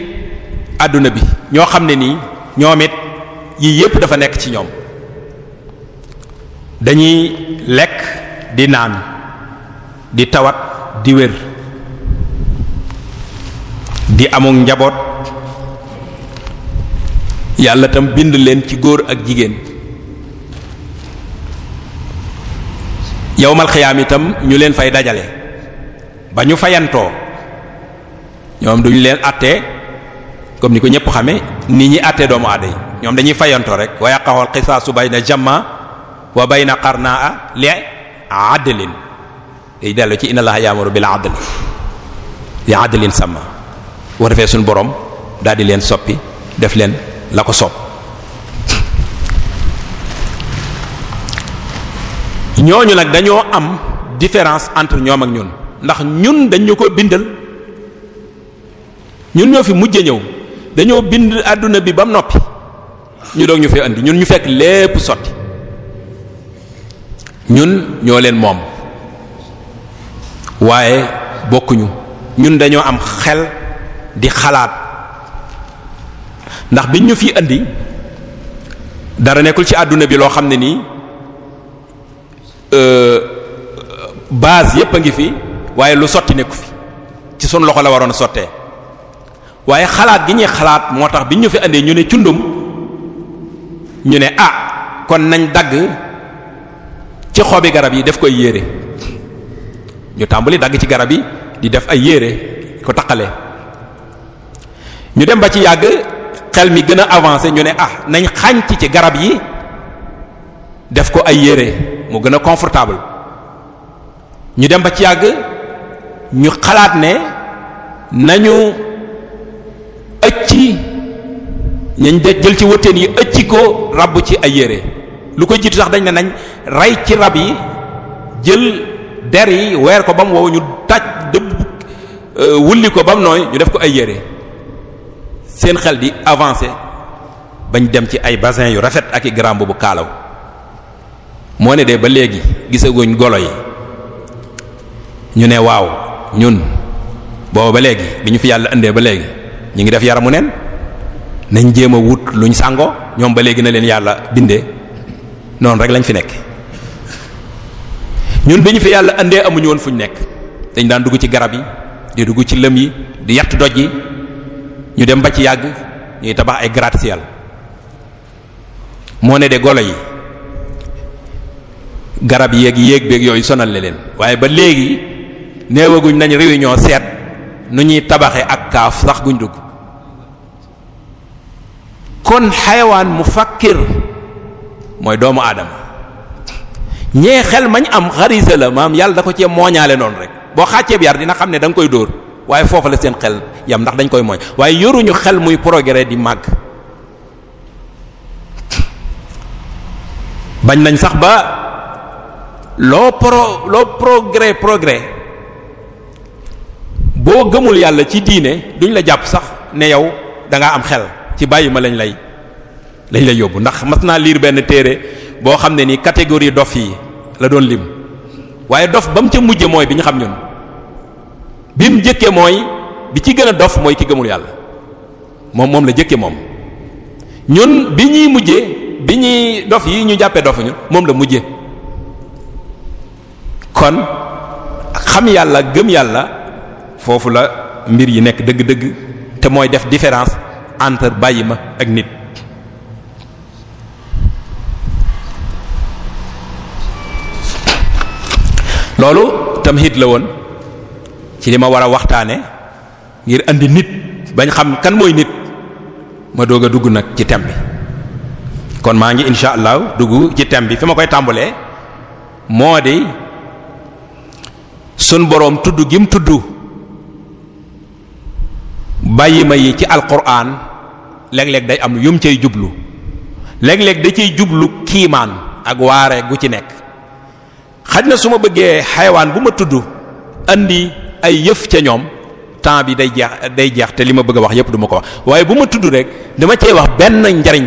àdduna bi ñoo xam ne nii ñoom it yii yépp dafa nekk ci ñoom dañuy lekk di naan di tawat di wér di amul njaboot yàlla tam bind leen ci góor ak jigéen yowmal xiyaam itam ñu leen fay dajale ba ñu fayantoo ñoom duñu leen àtte comme ni ko ñëpp xame ni ñi àtte doomu aada yi ñoom dañuy fayantoo rek wa yaqaxool xisaasu bayna jamma wa bayna qarnaa li adlin day dellu ci inna allaha ya'muru bil adli li adlin sama bu ko defee suñu borom daal di leen soppi def leen la ko sopp ñooñu nag dañoo am différence entre ñoom ak ñun ndax ñun dañ ko bindal ñun ñoo fi mujj ñëw dañoo bind àdduna bi ba mu noppi ñu doog ñu fee andi ñun ñu fekk lépp sotti ñun ñoo leen moom waaye bokkuñu ñun dañoo am xel di xalaat ndax biñ ñu fi andi dara nekkul ci àdduna bi loo xam ne nii. Euh, base yépp a ngi fi waaye lu sotti nekku fi ci sunu loxo la waroon a sottee waaye xalaat gi ñuy xalaat moo tax bi ñu fi andee ñu ne cundum ñu ne ah kon nañ dagg ci xobi garab yi def koy yére ñu tàmbali dagg ci garab yi di def ay yére ko taqale ñu dem ba ci yàgg xel mi gën a avancé ñu ne ah nañ xànc ci garab yi def ko ay yére moo gën a confortable ñu dem ba ci yàgg ñu xalaat ne nañu ëcci ñañ de jël ci wëttéen yi ëcci ko rab ci ay yére lu ko jiitu sax dañ ne nañ rey ci rab yi jël der yi weer ko ba mu wow ñu taj dëbb euh, wulli ko bam nooy ñu def ko ay yére seen xel di avancé bañ dem ci ay basin yu rafet ak i grand boobu kaalaw moo ne de ba léegi gisaguñ golo yi ñu ne waaw ñun booba ba léegi bi ñu fi yàlla indee ba léegi ñu ngi def yaramu neen nañ jéem a wut luñ sàngoo ñoom ba léegi na leen yàlla bindee noonu rek lañ fi nekk ñun bi ñu fi yàlla indee amuñu woon fuñ nekk dañ daan dugg ci garab yi di dugg ci lëm yi di yatt doj yi ñu dem ba ci yàgg ñuy tabax ay gratte moo ne de golo yi garab yéeg yéeg beeg yooyu sonal la leen waaye ba léegi néewaguñ nañ réunion seet nu ñuy tabaxe ak kaaf sax guñ dugg kon xayawaan mu fakkir mooy doomu aadama ñee xel mañ am xarisa la maam yàlla da ko cee mooñaale noonu rek boo xàcceeb yar dina xam ne da koy dóor waaye foofu la seen xel yam ndax dañ koy mooñ waaye yoruñu xel muy progrès di màgg bañ nañ sax ba loo pro loo progrès progrès boo gëmul yàlla ci diine duñ la jàpp sax ne yow danga am xel ci bàyyi ma lañ lay lañ lay yóbbu ndax mas naa liir benn téere boo xam ne ni catégorie dof yi la doon lim waaye dof ba mu ca mujje mooy bi ñu xam ñun bi mu jëkke mooy bi ci gën a dof mooy ki gëmul yàlla moom moom la jëkke moom ñun bi ñuy mujje bi ñuy dof yi ñu jàppee dofuñu moom la mujje kon xam yàlla gëm yàlla foofu la mbir yi nekk dëgg-dëgg te mooy def différence entre bàyyi ma ak nit loolu tamhid la woon ci li ma war a waxtaane ngir indi nit bañ xam kan mooy nit ma doog a dugg nag ci thème bi kon maa ngi insha allah dugg ci thème bi fi ma koy tàmbalee moo de sun boroom tudd gim tudd bàyyi ma yi ci alquran léeg-léeg day am yum cay jublu léeg-léeg da cay jublu kiimaan ak waare gu ci nekk xaj na su ma bëggee xayawaan bu ma tudd andi ay yëf ca ñoom temps bi day jeex day jeex te li ma bëgg a wax yépp du ko wax waaye bu ma tudd rek dama cey wax benn njariñ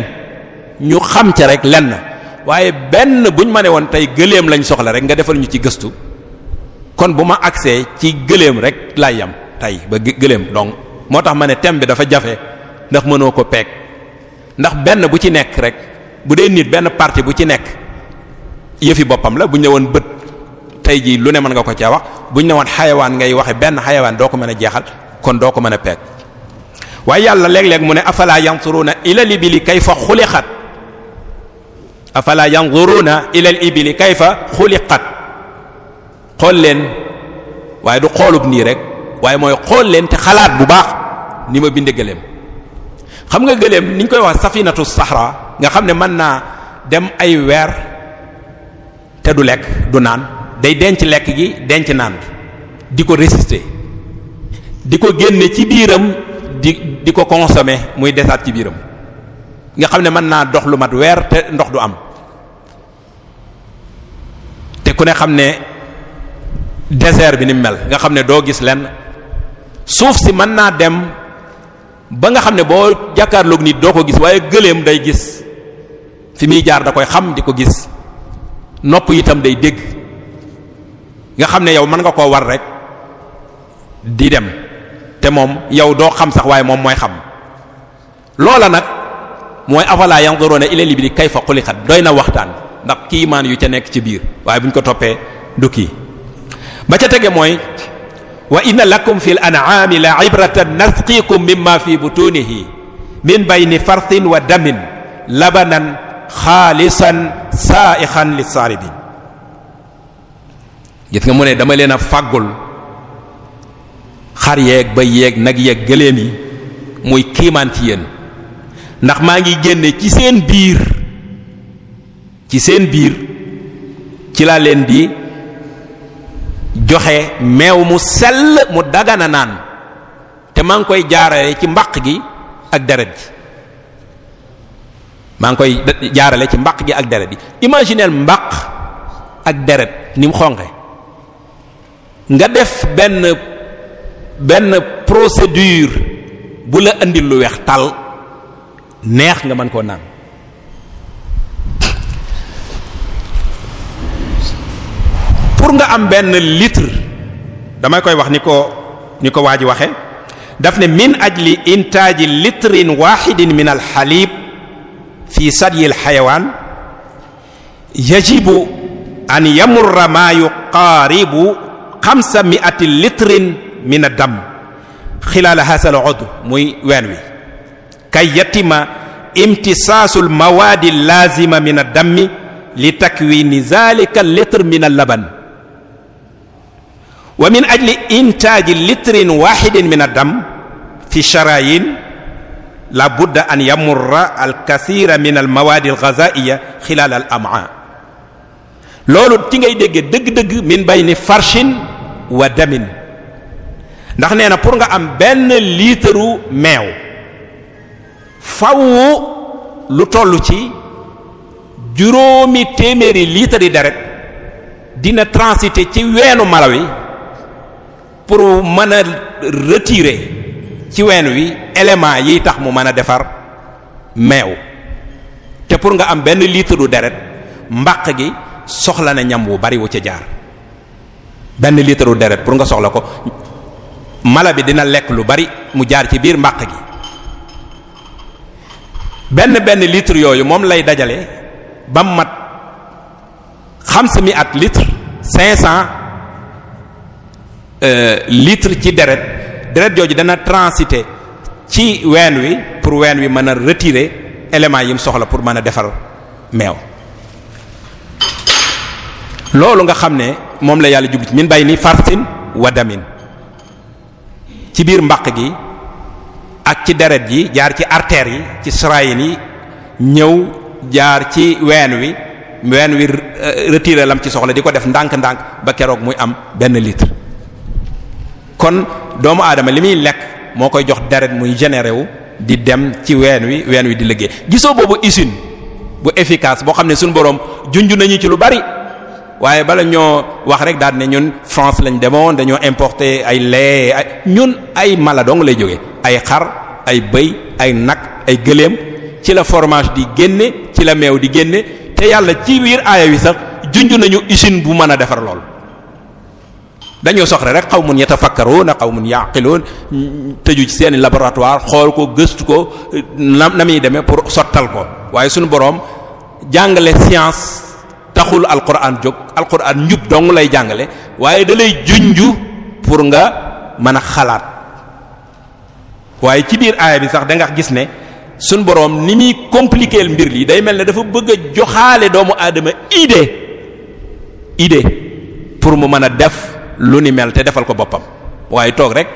ñu xam ca rek lenn waaye benn buñ ma ne woon tey gëléem lañ soxla rek nga defal ñu ci gëstu kon bu ma agsee ci gëléem rek lay yam tey ba gëléem donc moo tax ma ne thème bi dafa jafe ndax mënoo ko peeg ndax benn bu ci nekk rek bu dee nit benn partie bu ci nekk yëfi boppam la bu ñu la woon bët tey jii lu ne mën nga ko ca wax bu ñu la woon xayawaan ngay waxe benn xayawaan doo ko mën a jeexal kon doo ko mën a peeg waaye yàlla léeg-léeg mu ne afala yanzuruna ilal ibili kayfa xuliqat afala yanzuruna ilal ibili kayfa xuliqat xool leen waaye du xoolub nii rek waaye mooy xool leen te xalaat bu baax ni ma binde gëléem xam nga gëléem niñ koy wax safinatu sahra nga xam ne mën naa dem ay weer te du lekk du naan day denc lekk gi denc naan di ko résister di ko génne ci biiram di di ko consommer muy desaat ci biiram nga xam ne mën naa dox lu mat weer te ndox du am te ku ne xam ne désert bi ni mel nga xam ne doo gis lenn suuf si mën naa dem ba nga xam ne boo jàkkaarloog nit doo ko gis waaye gëléem day gis fi muy jaar da koy xam di ko gis nopp itam day dégg nga xam ne yow mën nga koo war rek di dem te moom yow doo xam sax waaye moom mooy xam loola nag mooy afala yanzuruna ilal ibili kayfa xuliqat doy na waxtaan ndax kiimaan yu ca nekk ci biir waaye bu ñu ko toppee du kii ba ca tege mooy wa inna lakum fil an'ami la ibratan nasqikum mimma fi butunihi min bayni farthin wa damin labanan xaalisan saa'ixan lissaaribin gis nga mu ne dama leen a fàggul xar yeeg ba yeeg nag yeeg gëléem yi muy kiimaan ci yéen ndax maa ngi génne ci seen biir ci seen biir ci laa leen di joxe meew mu sell mu dagana naan te maa ngi koy jaarale ci mbaq gi ak deret ji maa ngi koy jaarale ci mbaq gi ak deret bi imagineel mbaq ak deret ni mu xonqe nga def benn benn procédure bu la indil lu weex tal neex nga mën koo naan pour nga am benn litre damay koy wax ni ko ni ko waa ji waxe daf ne min ajli intaaji litrin wahidin min al xalib fi sadyi al xayawaan an yamurra ma yuqaaribu xamsa min ad dam xilaala hasal odd muy ween wi kay yatima imtisaasul mawaadi laazima min ad li takwini zalika litre min al wa min ajli intaaji litrin wahidin min ad-dam fi sharayin la budda an yamurra al min al-mawaadi al-ghazaiya xilal al-am'a loolu ci ngay déggee dëgg-dëgg min bayni farshin wa damin ndax nee na pour nga am benn liitaru meew faww lu toll ci juróomi téeméeri liitari deret dina transiter ci weenu malawi pour mën a retirer ci ween wi élément yi tax mu mën a defar meew te pour nga am benn litre du deret mbaq gi soxla na ñam wu bari wu ca jaar benn litre du deret pour nga soxla ko mala bi dina lekk lu bari mu jaar ci biir mbaq gi benn benn litre yooyu moom lay dajale ba mat xam mi at litre cinq Euh, litre ci deret deret jooju dana transiter ci ween wi pour ween wi mën a retirer éléments yi mu soxla pour mën a defar meew loolu nga xam ne moom la yàlla jublu ci min bay ni farsin wa damin ci biir mbaq gi ak ci deret yi jaar ci artères yi ci srayines yi ñëw jaar ci ween wi ween wi euh, retirer lam ci soxla di ko def ndànk-ndànk ba keroog muy am benn litre kon doomu aadama li muy lekk moo koy jox deret muy généré wu di dem ci ween wi ween wi di liggéey gisoo boobu usine bu efficace boo xam ne suñu boroom junj nañu ci lu bari waaye bala ñoo wax rek daal ne ñun France lañ demoon dañoo importer ay lait ay ñun ay mala dong lay jóge ay xar ay bëy ay nag ay gëléem ci la fromage di génne ci la meew di génne te yàlla ci wiir aaya wi sax junj nañu usine bu mën a defar lool dañoo soxre rek xaw mun yatafakkaruun xaw mun yaqiluun tëju ci seeni laboratoire xool ko gëstu ko na na muy demee pour sottal ko waaye suñu boroom jàngale science taxul alquran jóg alquran njub dong lay jàngale waaye dalay lay junju pour nga mën a xalaat waaye ci biir aaya bi sax danga gis ne suñ boroom ni muy compliquer mbir lii day mel ne dafa bëgg a joxaale doomu aadama idée idée pour mu mën a def lu ni mel te defal ko boppam waaye toog rek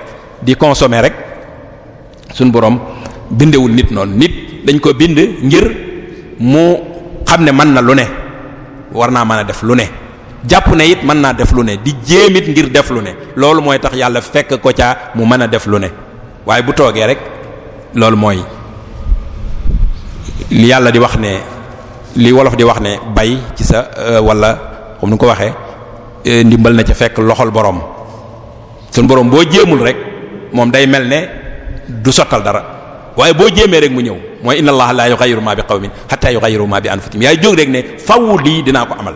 di consommer rek suñ boroom bindewul nit noonu nit dañ ko bind ngir mu xam ne mën na lu ne war naa mën a def lu ne jàpp ne it mën naa def lu ne di jéemit ngir def lu ne loolu mooy tax yàlla fekk ko caa mu mën a def lu ne waaye bu toogee rek loolu mooy yàlla di wax ne li wolof di wax ne bay ci sa euh, wala comme nu ko waxee Eh, ndimbal na ca fekk loxol borom suñ borom boo jéemul rek moom day mel ne du sottal dara waaye boo jéemee rek mu ñëw mooy inna allaha la yughayyiru ma bi qawmin hatta yughayyiru ma bi anfusihim yaay jóg rek ne faw lii dinaa ko amal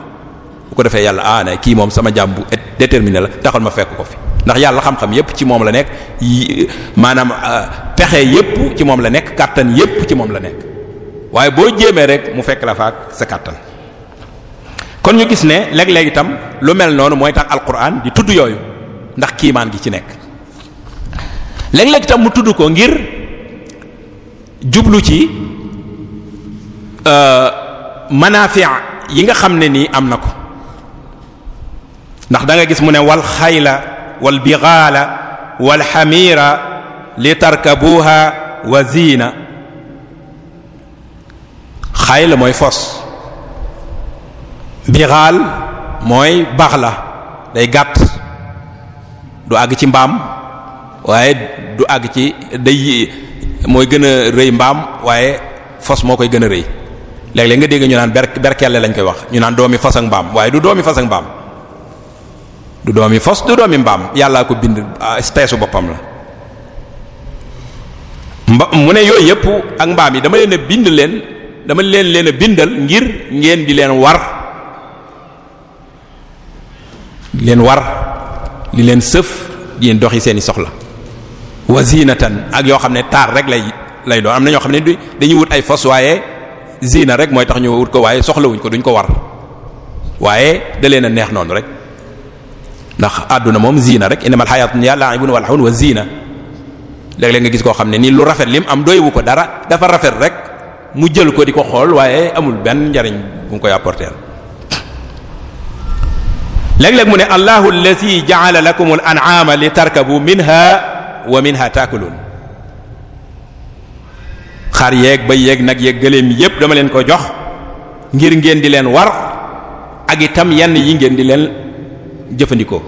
bu ko defee yàlla aane ah, kii moom sama jàmm bu déterminé la taxul ma fekk ko fi ndax yàlla xam-xam yépp ci moom la nekk maanaam ah, pexe yépp ci moom la nekk kàttan yépp ci moom la nekk waaye boo jéemee rek mu fekk la faak sa kàttan kon ñu gis ne léeg-léeg itam lu mel noonu mooy tax alquran di tudd yooyu ndax kiimaan gi ci nekk léeg-léeg itam mu tudd ko ngir jublu ci euh, manaafi yi nga xam ne nii am na ko ndax da gis mu ne wal xayla wal bigaala wal xamiira li tarkabuha wa ziina xayla mooy fos bixaal mooy baax la day gàtt du àgg ci mbaam waaye du àgg ci day mooy gën a rëy mbaam waaye fos moo koy gën a rëy léeg-léeg nga dégg ñu naan ber berkelle lañ koy wax ñu naan doomi fos ak mbaam waaye du doomi fos ak mbaam du doomi fos du doomi mbaam yàlla ko bind ah, espèce boppam la mba mu ne yooyu yëpp ak mbaam yi dama leen bind leen dama leen leen a bindal ngir ngeen di leen war li leen war li leen sëf di leen doxi seen i soxla wazinatan ak yoo xam ne taar rek lay lay doon am na ñoo xam ne dañuy wut ay fos waaye zina rek mooy tax ñu wut ko waaye soxlawuñ ko duñ ko war waaye da leen a neex noonu rek ndax àdduna moom zina rek innamal hayatu dunya la'ibun wa lahun wa zina léeg-léeg nga gis koo xam ne nii lu rafet lim am doywu ko dara dafa rafet rek mu jël ko di ko xool waaye amul benn njariñ bu mu koy apporter léeg-léeg mu ne allahu allazi ja'ala lakum al li tarkabu minha wa minha taakulun xar yéeg ba yéeg nag yéeg gëléem yépp dama leen ko jox ngir ngeen di leen war ak itam yenn yi ngeen di leen jëfandikoo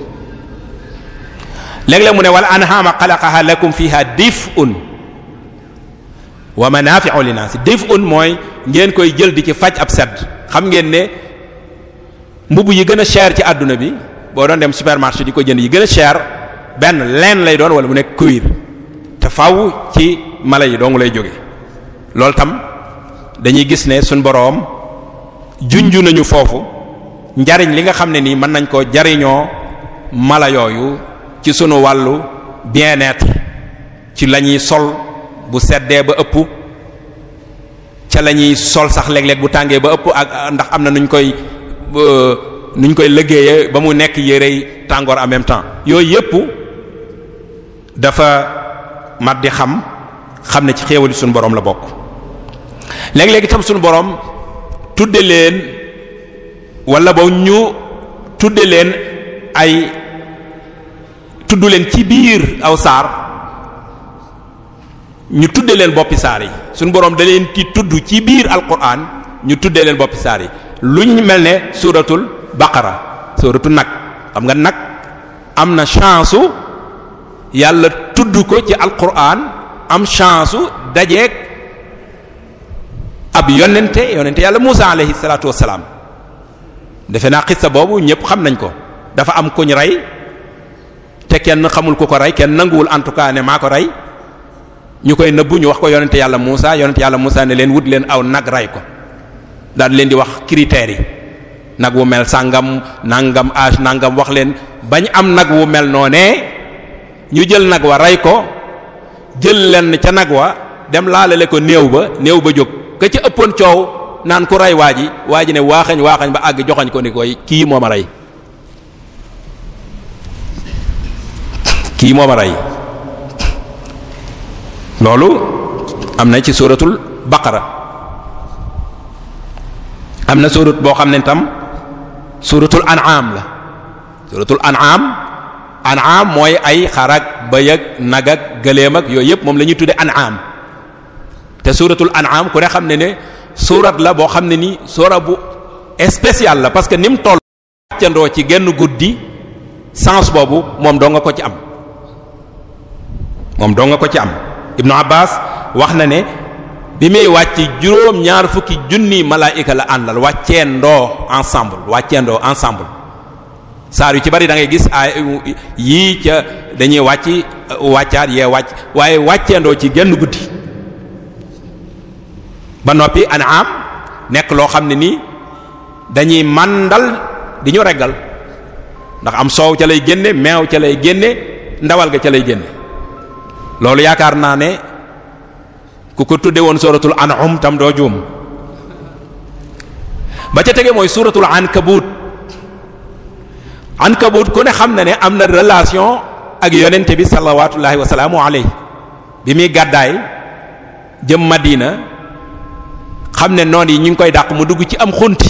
léeg-léeg mu ne wal an'ama xalaqaha lakum fiha dif'un wa manafi'u linnas dif'un mooy ngeen koy jël di ci faj ab sedd xam ngeen ne mbubb yi gën a cher ci àdduna bi boo doon dem supermarché di ko jënd yi gën a cher benn leen lay doon wala bu nekk kuir te faw ci mala yi dong lay jóge loolu tam dañuy gis ne suñ boroom junju nañu foofu njariñ li nga xam ne nii mën nañ koo jariñoo mala yooyu ci sunu wàllu bien-être ci lañuy sol bu seddee ba ëpp ca lañuy sol sax léeg-léeg bu tàngee ba ëpp ak ndax am na nuñ koy nuñ koy liggéeyee ba mu nekk yérey tàngoor en même temps yooyu yëpp dafa mat di xam xam ne ci xéewali suñu boroom la bokk léeg-léeg itam suñu boroom tudde leen wala ba ñu tudde leen ay tuddu leen ci biir aw saar ñu tudde leen boppi saar yi suñu boroom da leen ki tudd ci biir alquran ñu tudde leen boppi saar yi lu ñu mel ne suuratul baqara suuratu nag xam nga nag am na chance yàlla tudd ko ci alquran am chance su dajeeg ab yonente yonente yàlla Musa aleyhi salaatu wassalaam defe naa xissa boobu ñépp xam nañ ko dafa am kuñ rey te kenn xamul ku ko rey kenn nanguwul en tout cas ne maa ko rey ñu koy nëbbu ñu wax ko yonente yàlla Musa yonente yàlla Musa ne leen wut leen aw nag rey ko daal leen di wax critères yi nag wu mel sàngam nangam âge nangam wax leen bañ am nag wu mel noonee ñu jël nag wa rey ko jël leen ca nag wa dem laalale ko néew ba néew ba jóg ka ca ëppoon coow naan ku rey waa ji waa ji ne waaxañ waaxañ ba àgg joxañ ko ni koy kii moom ma rey kii moo ma rey loolu am na ci suuratul baqara am na suurat boo xam ne tam suuratul an'am la suuratul an'am an'am mooy ay xarak bëy ak nag ak gëléem ak yooyu yëpp moom la ñuy tuddee an'am te suuratul an'am ku ne xam ne ne suurat la boo xam ne nii suura bu spécial la parce que ni mu toll wàccandoo ci genn guddi sens boobu moom doo nga ko ci am moom doo nga ko ci am Ibnu Abbas wax na ne bi muy wàcc juróom ñaar fukki junni malaayika la àndal wàcceendoo ensemble wàcceendoo ensemble saar yu ci bari dangay gis ay yii ca dañuy wàcc wàccaat yee wàcc waaye wàcceendoo ci genn guddi ba noppi am nekk loo xam ne nii dañuy màndal di ñu reggal ndax am soow ca lay génne meew ca lay génne ndawal ga ca lay génne loolu yaakaar naa ne ku ko tudde woon suratul an'am tam doo juum ba ca tege mooy suratul ankabut ankabut ku ne xam na ne am na relation ak yonente bi salawatullahi wasalaamu aley bi muy gàddaay jëm madina xam ne noon yi ñu ngi koy dàq mu dugg ci am xunti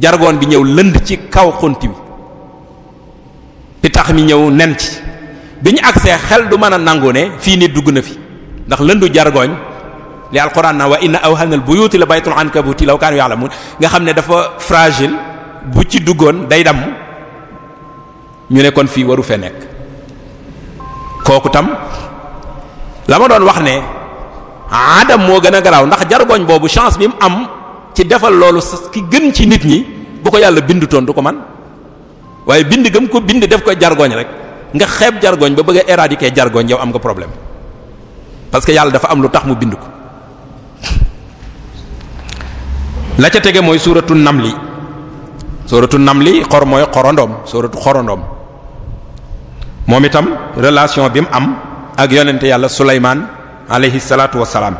jargoon bi ñëw lënd ci kaw xunti bi pitax mi ñëw nen ci bi agsee xel du mën a nangu ne fii nit dugg na fi ndax lëndu jargoñ li alquran na wa inna awhana al buyuti la baytul ankabuti law kaanu ya'lamun nga xam ne dafa fragile bu ci duggoon day damm ñu ne kon fii waru fee nekk kooku tam la ma doon wax ne adam moo gën a garaaw ndax jargoñ boobu chance bi mu am ci defal loolu ki gën ci nit ñi bu ko yàlla bind toon du ko man waaye bind gëm ko bind def ko jargoñ rek nga xeeb jargoñ ba bëgg a éradiquer jargoñ yow am nga problème parce que yàlla dafa am lu tax mu bind ko la ca tege mooy suuratu namli suuratu namli xor mooy xorondoom suuratu xorondoom moom itam relation bi mu am ak yonente yàlla suleymaan aleyhi salaatu wassalaam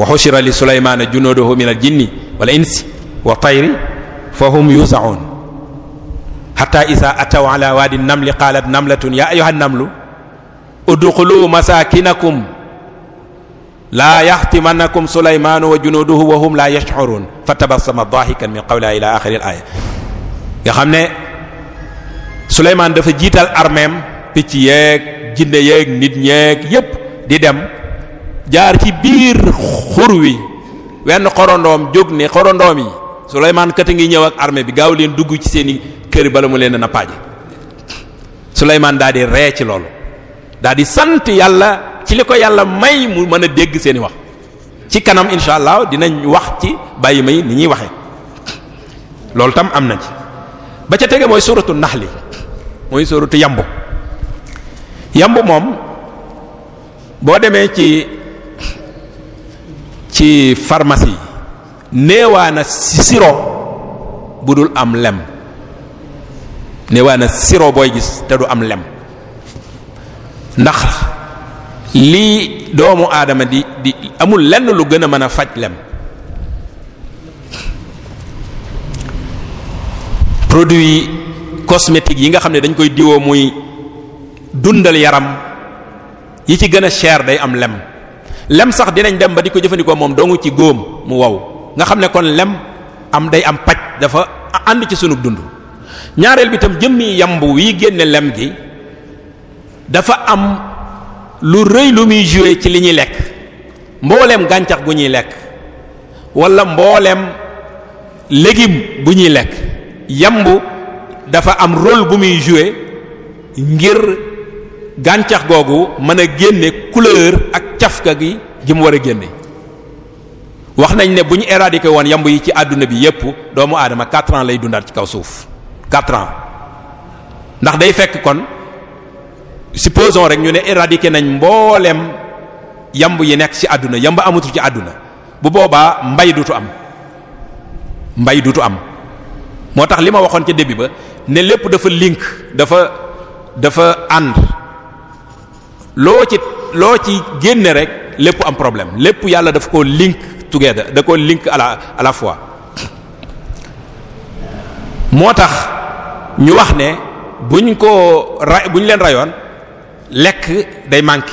wa xushira li suleymaana junuuduhu min al jinni insi wa tayri fa hum yusaun xatta isaa ataw ala waadi namli qaalat namlatun yaa ayyuhan namlu udxulu masaakinakum laa yaxtimannakum suleymaanu wa junuuduhu wa hum laa yash'uruun fa tabassama daahikan min qawlihaa ilaa aaxiri aaya nga xam ne suleymaan dafa jiital armeem picc yeeg jinne yeeg nit ñeeg yépp di dem jaar ci biir xur wi wenn xorondoom jóg ne xorondoom yi suleymaan kat a ngi ñëw ak armée bi gaaw leen dugg ci seeni kër bala mu leen na paaje suleymaan daa di ree ci loolu daa di sant yàlla ci li ko yàlla may mu mën a dégg seeni wax ci kanam insha allah dinañ wax ci bàyyi may ni ñuy waxee loolu tam am na ci ba ca tege mooy suratu li mooy suratu yambu yambu moom boo demee ci ci pharmacie neewaana siro bu dul am lem neewaana siro booy gis te du am lem ndax lii doomu aadama di di amul lenn lu gën a mën a faj lem produit cosmétique yi nga xam ne dañ koy diwoo muy dundal yaram yi ci gën a cher day am lem lem sax dinañ dem ba di ko jëfandikoo moom dongu ci góom mu wow nga xam ne kon lem am day am paj dafa ànd ci sunug dund ñaareel bi tam jëmmi yamb wii génne lem gi dafa am lu rëy lu muy joué ci li ñuy lekk mbooleem gàncax gu ñuy lekk wala mbooleem légume bu ñuy lekk yamb dafa am rôle bu muy joué ngir gàncax googu mën a génne couleur ak cafka gi gi mu war a génne wax nañ ne bu ñu éradiqué woon yamb yi ci àdduna bi yépp doomu aadama quatre ans lay dundaat ci kaw suuf quatre ans ndax day fekk kon supposons rek ñu ne éradiquer nañ mbooleem yamb yi nekk ci àdduna yamb amatu ci àdduna bu boobaa mbay dutu am mbay dutu am moo tax li ma waxoon ca début ba ne lépp dafa link dafa dafa ànd loo ci loo ci génne rek lépp am problème lépp yàlla daf ko link together da koo link à la à la fois moo tax ñu wax ne buñ ko ray buñ leen rayoon lekk day manqué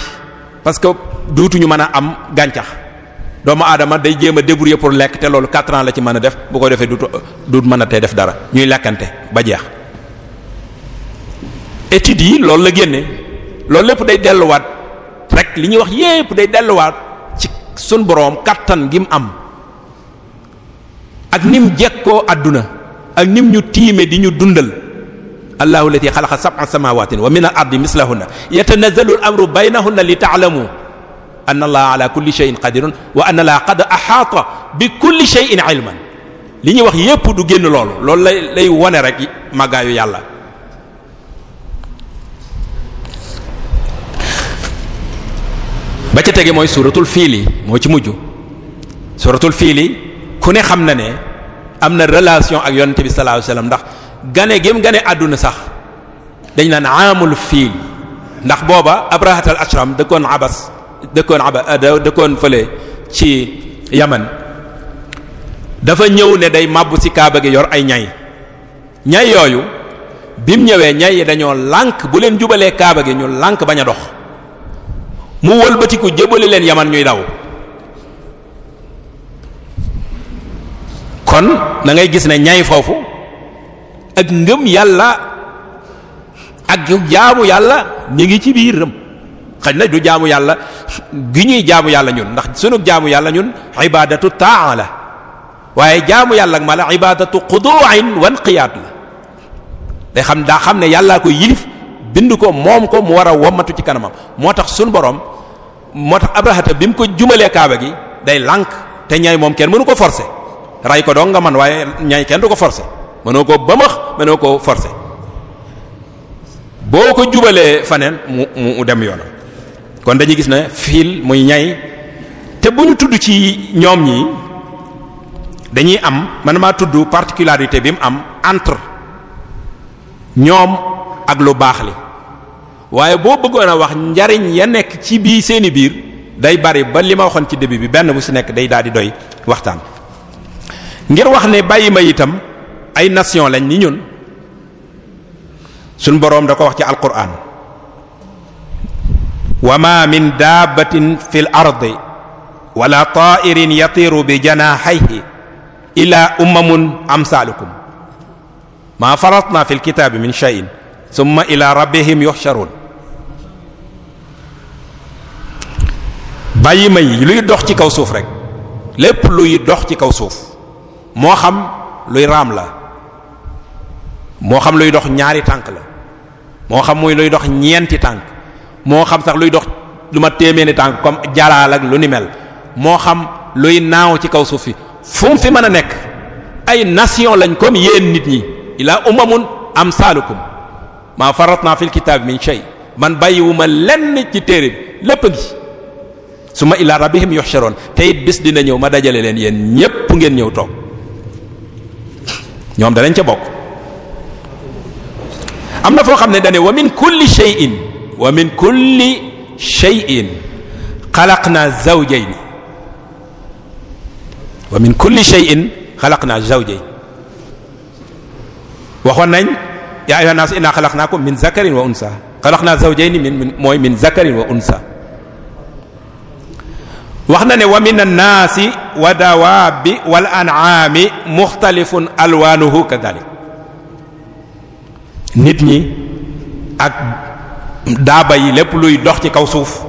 parce que ñu mën a am gàncax doomu aadama day jéem a débrouiller pour lekk te loolu quatre ans la ci mën a def bu ko defee du du mën a tey def dara ñuy lekkante ba jeex études yi loolu la génne loolu lépp day delluwaat rek li ñuy wax yépp day delluwaat ci sun boroom kattan gi mu am ak nim jekkoo àdduna ak nim ñu tiime di ñu dundal allahu allati xalaqa sab'a samawaatin wa min al ardi mislahunna yatanazzalu al amru baynahunna li ta'lamu anna allaha ala kulli shay'in qadirun wa anna allaha qad ahaata bi kulli shay'in ilman li ñuy wax yépp du génn loolu loolu lay lay wone rek màggaayu yàlla ba ca tege mooy suuratul fiili moo ci mujj suuratul fiili ku ne xam na ne am na relation ak yonent bi sallallahu alayhi wasallam ndax gane gém gane àdduna sax dañ naan aamul fiil ndax booba abrahatal ashram dëkkoon abas dëkkoon aba euh, dëkkoon fële ci yaman dafa ñëw ne day màbbu ci kaaba gi yor ay ñay ñay yooyu bim ñëwee ñay yi dañoo lànk bu leen jubalee kaaba gi ñu lànk bañ a dox mu wëlbatiku jébali leen yaman ñuy daw kon da gis ne ñay foofu ak ngëm yàlla ak jaamu yàlla ñu ngi ci biir biiram xaj na du jaamu yàlla gi ñuy jaamu yàlla ñun ndax sunu jaamu yàlla ñun ibadatu taa la waaye jaamu yàlla ma la ibadatu xuduin wan qiyaat la day xam daa xam ne yàllaa ko yilif bind ko moom ko mu war a wommatu ci kanamam moo tax sun borom moo tax abrahata bi mu ko jumalee kaaba gi day lànk te ñay moom kenn mënu ko forcer ray ko doon nga man waaye ñay kenn du ko forcer mënoo koo bamax mënoo koo forcer boo ko jubalee faneen mu mu dem yoonam kon dañu gis na fiil muy ñay te bu ñu tudd ci ñoom ñi dañuy am man maa tudd particularité bi mu am entre ñoom ak lu baax li waaye boo bëggoon a wax njariñ ya nekk ci bii seeni biir day bari ba li ma waxoon ci début bi benn bu si nekk day daal di doy waxtaan ngir wax ne bàyyi ma itam ay nation lañ ni ñun suñ boroom da ko wax ci alquran wa ma min daabatin fi l ardi wala taairin yatiru bi janaahayhi ila umamun amsalukum ma faratna fi lkitaabi min shay'in summa ila rabbihim yuhsharun bàyyi ma yi luy dox ci kaw suuf rek lépp luy dox ci kaw suuf moo xam luy raam la moo xam luy dox ñaari tànk la moo xam muy luy dox ñeenti tànk moo xam sax luy dox lu ma téeméeri tànk comme jalaal ak lu ni mel moo xam luy naaw ci kaw suuf fi fu mu fi mën a nekk ay nation lañ comme yéen nit ñi ilaa umamun amsalukum maa faratna fil kitab min shay man bàyyiwuma lenn ci téere bi lépp gi su ma ilaa rabbihim yuhsharun te bis dina ñëw ma dajale leen yéen ñépp ngeen ñëw toog ñoom danañ ca bokk am na foo xam ne dane wa min kulli shay'in wa min kulli shay'in xalaqna zawjayni wa min kulli shay'in xalaqna zawjayn waxoon nañ yaa ayyuhan naas inna xalaqnaakum min zakarin wa unsa xalaqna zawjayni min mooy min zakarin wa unsa wax na ne wa min annaasi wa dawaabi wal an'aami muxtalifun alwaanuhu kadalik nit ñi ak daaba yi lépp luy dox ci kaw suuf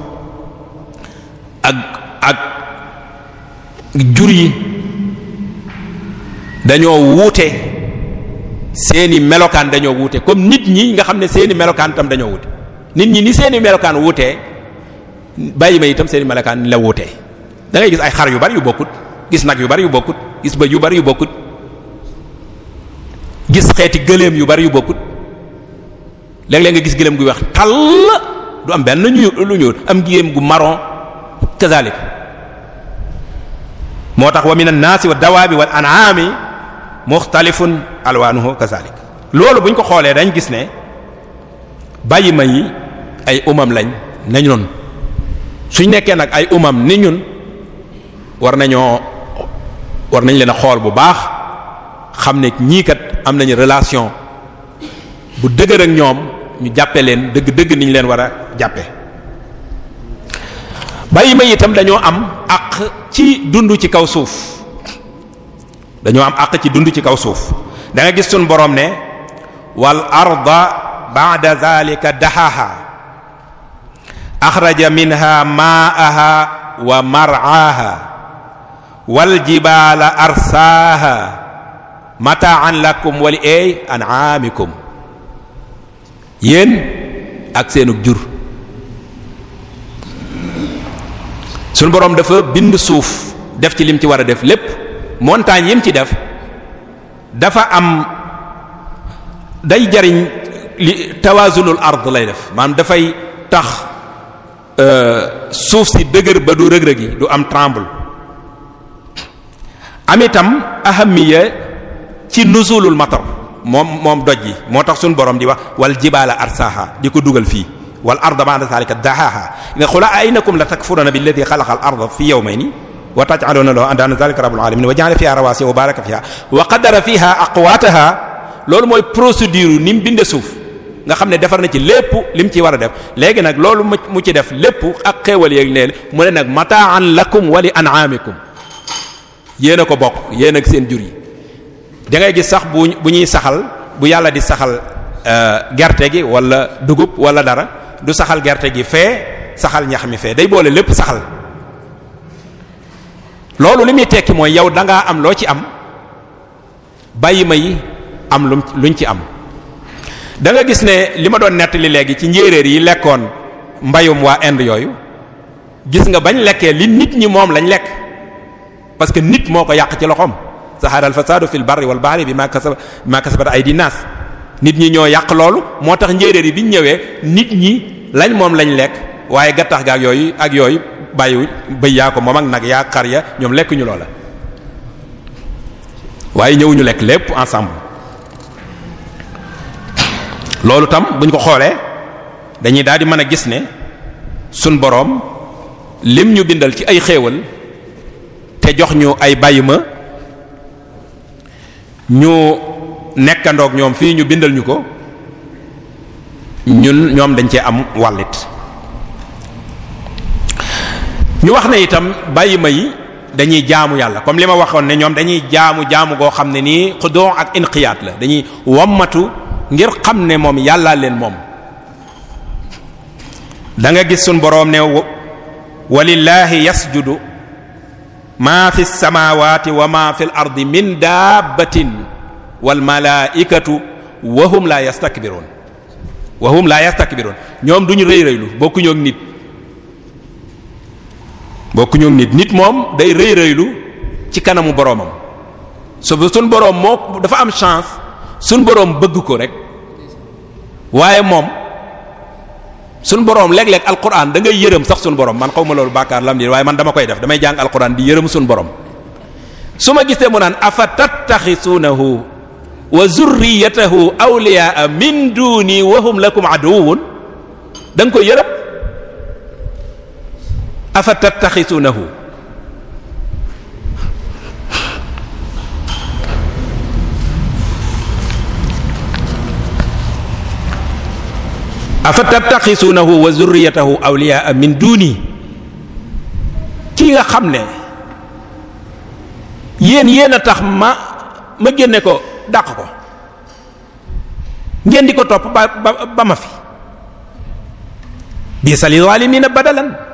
ak ak jur yi dañoo wuute seeni melokaan dañoo wuute comme nit ñi nga xam ne seeni melokaan itam dañoo wuute nit ñi ni seeni melokaan wuutee bàyyi ma itam seeni melokaan la wuutee da gis ay xar yu bari yu bokkut gis nag yu bari yu bokkut gis bëj yu bari yu bokkut gis xeeti gëléem yu bari yu bokkut léeg-léeg nga gis gëléem gu wax tàll du am benn lu ñuul am gëléem gu marron kazalik moo tax wa min annaasi wa dawaabi wal an'aami muxtalifun alwaanuhu kazalik loolu buñ ko xoolee dañ gis ne bàyyi ma yi ay umam lañ nañ noonu suñ nekkee nag ay umam ni ñun war nañoo war nañ leen xool bu baax xam ne ñii kat am nañu relation bu dëgër ak ñoom ñu jàppe leen dëgg dëgg niñ leen war a jàppe bàyyi ma itam dañoo am àq ci dund ci kaw suuf dañoo am àq ci dund ci kaw suuf da gis suñ boroom ne wal arda ba'da zalika dahaha axraja minha ma'aha wa mar'aha wal jibala arsaaha mata'an lakum wa li eh, an'amikum yéen ak seenug jur suñ boroom dafa bind suuf def ci lim ci war a def lépp montagne yim ci def dafa am day jariñ li tawaasunul ard lay def maanaam dafay tax euh, suuf si dëgër ba du rëg-rëg yi du am tremble am itam ahamiya ci nuzulul matar moom moom doj yi moo tax suñu borom di wax wal jibaala arsaaha di ko dugal fii wal arda ba'da zaalika dahaaha ne xula aynakum la takfuruna billadhi xalaqa al arda fi yawmayni wa taj'aluna lahu andaana zaalika rabbul alamin wa ja'ala fiha rawasiya wa baraka fiha wa qaddara fiha aqwaataha loolu mooy procédure ni mu binde suuf nga xam ne defar na ci lépp mu ci war a def léegi nag loolu mu ci def lépp ak xéewal yeeg neel mu ne nag mataan lakum wa li an'amikum yéen ko bokk yéen ak seen jur yi dangay gis sax bu bu ñuy saxal bu yàlla di saxal euh, gerte gi wala dugub wala dara du saxal gerte gi fee saxal ñax mi fee day boole lépp saxal loolu li muy tekki mooy yow da am loo ci am bàyyi ma yi am lu luñ ci am danga gis ne li ma doon nettali léegi ci njéeréer yi lekkoon mbayum waa Inde yooyu gis nga bañ lekkee li nit ñi moom lañ lekk parce que nit moo ko yàq ci loxoom. zahara al fasadu fil barri wal bahri bima kasab bima kasabat aydi nas nit ñi ñoo yàq loolu moo tax njéeréer yi bi ñu ñëwee nit ñi lañ moom lañu lekk waaye gattax ga ak yooyu ak yooyu bàyyiwu bëy yaa ko moom ak nag yaa xar ya ñoom lekkuñu loola waaye ñëwuñu lekk lépp ensemble loolu tam bu ñu ko xoolee dañuy daal di mën a gis ne suñ boroom lim ñu bindal ci ay xéewal te jox ñu ay bàyyi ma ñu nekkandoog ñoom fii ñu bindal ñu ko ñun ñoom dañ cee am wàllit ñu wax na itam bàyyi ma yi dañuy jaamu yàlla comme li ma waxoon ne ñoom dañuy jaamu jaamu goo xam ne nii xudoo ak inqiyaat la dañuy wommatu ngir xam ne moom yàllaa leen moom danga gis suñ boroom ne walillaahi yasjudu maa fi samawati wa ma fi ardi min dabbatin wal malaikatu wahum la yastakbiroon wahum la yastakbiroon ñoom duñu rëy rëylu bokkuñu ak nit bokkuñu ak nit nit moom day rëy rëylu ci kanamu boroomam su suñ boroom moo dafa am chance suñ boroom bëgg ko rek waaye moom suñu borom léeg-léeg alquran da ngay yërëm sax suñu borom man xaw ma loolu bàkkaar lam di waaye man dama koy def damay jàng alquran di yërëm suñu borom su ma gisee mu naan afa tattaxisuunahu wa zurriyatahu awliyaa min duni wa hum lakum aduwun da nga koy yërëm afa tattaxisuunahu afa tabtaxisuunahu wa zurriyatahu awliyaa min duuni kii nga xam ne yéen yéen a tax ma ma génne ko daq ko ngeen di ko topp ba ba ba ma fi biisa li zaalimiina badalan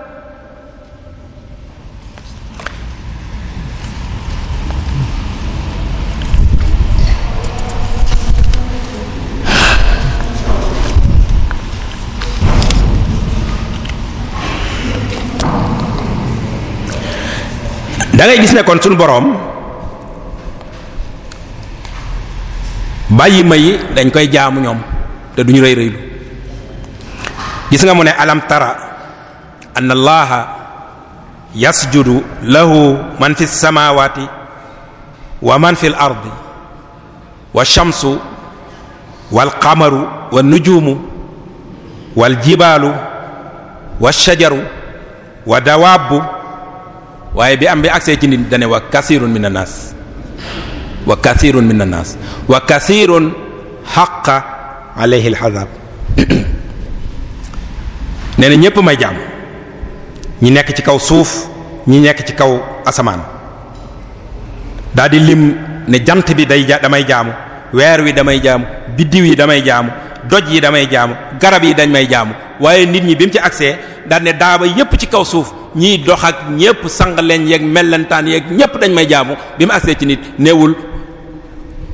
ngay gis ne kon suñu borom bayi ma dañ koy jaamu ñoom te duñu rëy rëylu gis nga mu ne alam tara anna allaha yasjudu lahu man fi samawati wa man fi l ardi wa shamsu wal qamaru wa nujumu wal jibaalu wa shajaru wa dawaabu waaye bi am bi agsee ci ni dane wa kasirun min annaas wa kasirun min annaas wa kasirun xaqa alayhi alxazab *clears throat* nee na ñépp may jaam ñi nekk ci kaw suuf ñi nekk ci kaw asamaan daal di lim ne jant bi day damay jaamu weer wi damay jaamu biddiw yi damay jaamu doj yi damay jaamu garab yi dañ may jaamu waaye nit ñi bi mu ci agsee daan ne daaba yépp ci kaw suuf ñiy dox ak ñépp sang leen yeeg mellentaan yeeg ñépp dañ may jaamu bi mu agsee ci nit neewul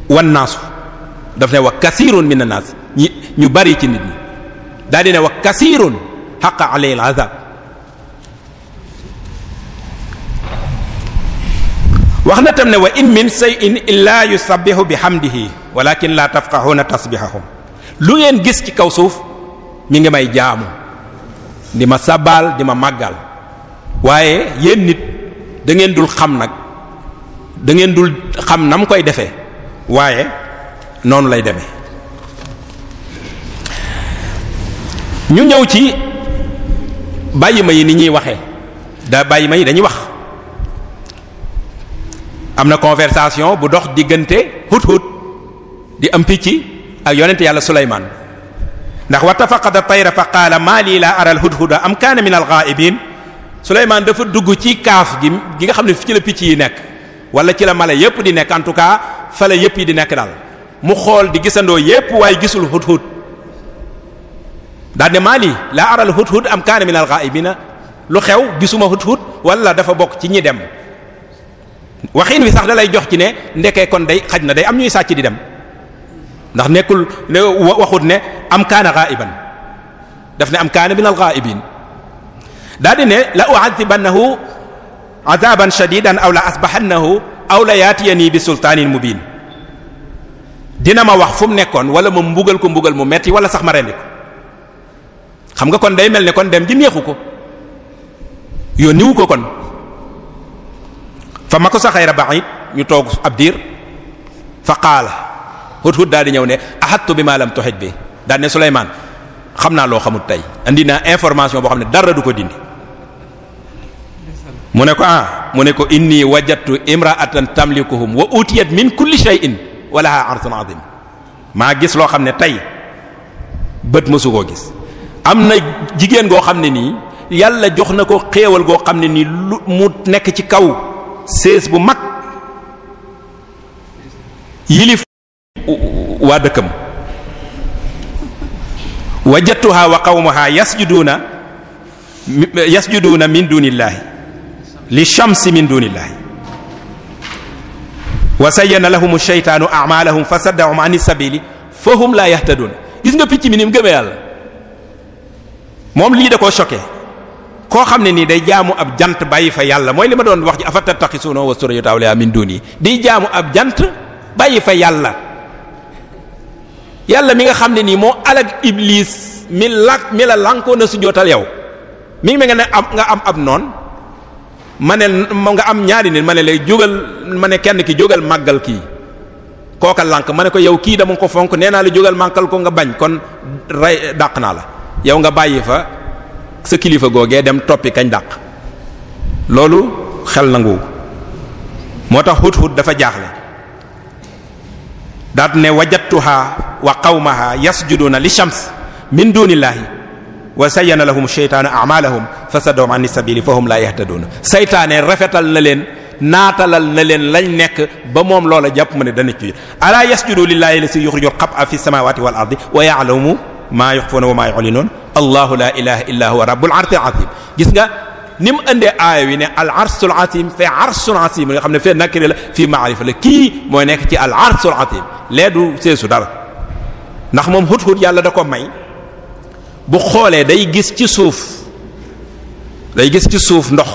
wan naasu daf ne wa kasirun min an naas ñi ñu bari ci nit ñi daa di ne wa kasirun haqa alayhi al wax na tam ne wa in min shay'in illaa yusabbihu bihamdihi walakin la tafqahuna tasbihahum lu ngeen gis ci kaw suuf mi ngi may jaamu di ma sabaal di ma màggal waaye yéen nit dangeen dul xam nag da ngeen dul xam na mu koy defee waaye noonu lay deme ñu ñëw ci bàyyi ma yi ni ñuy waxee daa bàyyi ma yi dañuy wax am na conversation bu dox diggante hut hut di am picc ak yonent yàlla Suleymaan ndax wa tafaqada tayra fa qaala maa lii laa aral hudhuda am kaana min alxaaibin Suleymaan dafa dugg ci kaaf gi gi nga xam ne fi ci la picc yi nekk wala ci la mala yépp di nekk en tout cas fale yépp yi di nekk daal mu xool di gisandoo yépp waaye gisul hut hut daane maa lii laa aral hut hud am kaana min lu xew gisuma hut hut wala dafa bokk ci ñi dem waxin wi sax da lay jox ci ne ndekee kon day xaj na day am ñuy sàcc di dem ndax nekkul waxut ne am kaana ghaiban daf ne am kaana min al ghaibin daa di ne la u'adhibannahu adaban shadidan aw la asbahannahu aw la yaatiyani bi sultaanin mubin dina ma wax fu mu nekkoon wala ma mbugal ko mbugal mu metti wala sax ma rendi xam nga kon day mel ne kon dem ji meexu ko yoo yónniwu ko kon fa ma ko sa xayra ba'id ñu toog ab diir fa qaala hut hut daal ñëw ne ahattu bi ma lam bi daal ne Souleymane xam naa loo xamut tey indi naa information boo xam ne dara du ko dindi. mu ne ko ah mu ne ko inni wajatu imra'atan tamlikuhum wa utiyat min kulli shay'in wa laha 'arshun maa gis loo xam ne tey bët mësu koo gis am na jigéen goo xam ne nii yàlla jox na ko xéewal goo xam ne nii mu nekk ci kaw. sées bu mag yilif waa dëkkam wajadtuha wa qawmaha yasjuduuna yasjuduuna min dunillahi li shamsi min dunillahi wa sayyana lahum sheytaanu a'malahum fa saddahum an sabili fa hum la yahtaduun gis nga picc mi ni mu gëmee yàlla moom lii da koo choqué koo xam ne nii day jaamu ab jant bàyyi fa yàlla mooy li ma doon wax ci afata taxisuna wa surayata awliya min duni day jaamu ab jant bàyyi fa yàlla yàlla mi nga xam ne nii moo alag iblis mi lak mi la lànkoo na sujootal yow mi ngi mel nga ne am nga am ab noon ma ne am ñaari nit ma ne lay jógal ma ne kenn ki jógal màggal kii kooka lànk ma ne ko yow kii dama ko fonk nee naa la jógal mànkal ko nga bañ kon rey dàq naa la yow nga bàyyi fa sa kilifa googee dem toppi kañ dàq loolu xel nangu moo tax hut-hut dafa jaaxle daat ne wajadtuha wa qawmaha yasjuduna li shams min dunillahi wa sayyana lahum sheytaanu amalahum fasadahum an sabili fahum la yahtaduna seytaane rafetal na leen naatalal na leen lañ nekk ba moom loola jàpp ma ne dana ci ala yasjudu lillahi la si yuxrijul xab a fi samawati wal ardi wa ya'lamu ma yukhfuna wa ma yu'linun allahu la ilaha illa huwa rabbul arsil azim gis nga ni mu indee aaya wi ne al arsul azim fe arsul azim nga xam ne fee nakiri la fii maarifa la kii mooy nekk ci al arsul azim lee du seesu dara ndax moom hut-hut yàlla da ko may bu xoolee day gis ci suuf day gis ci suuf ndox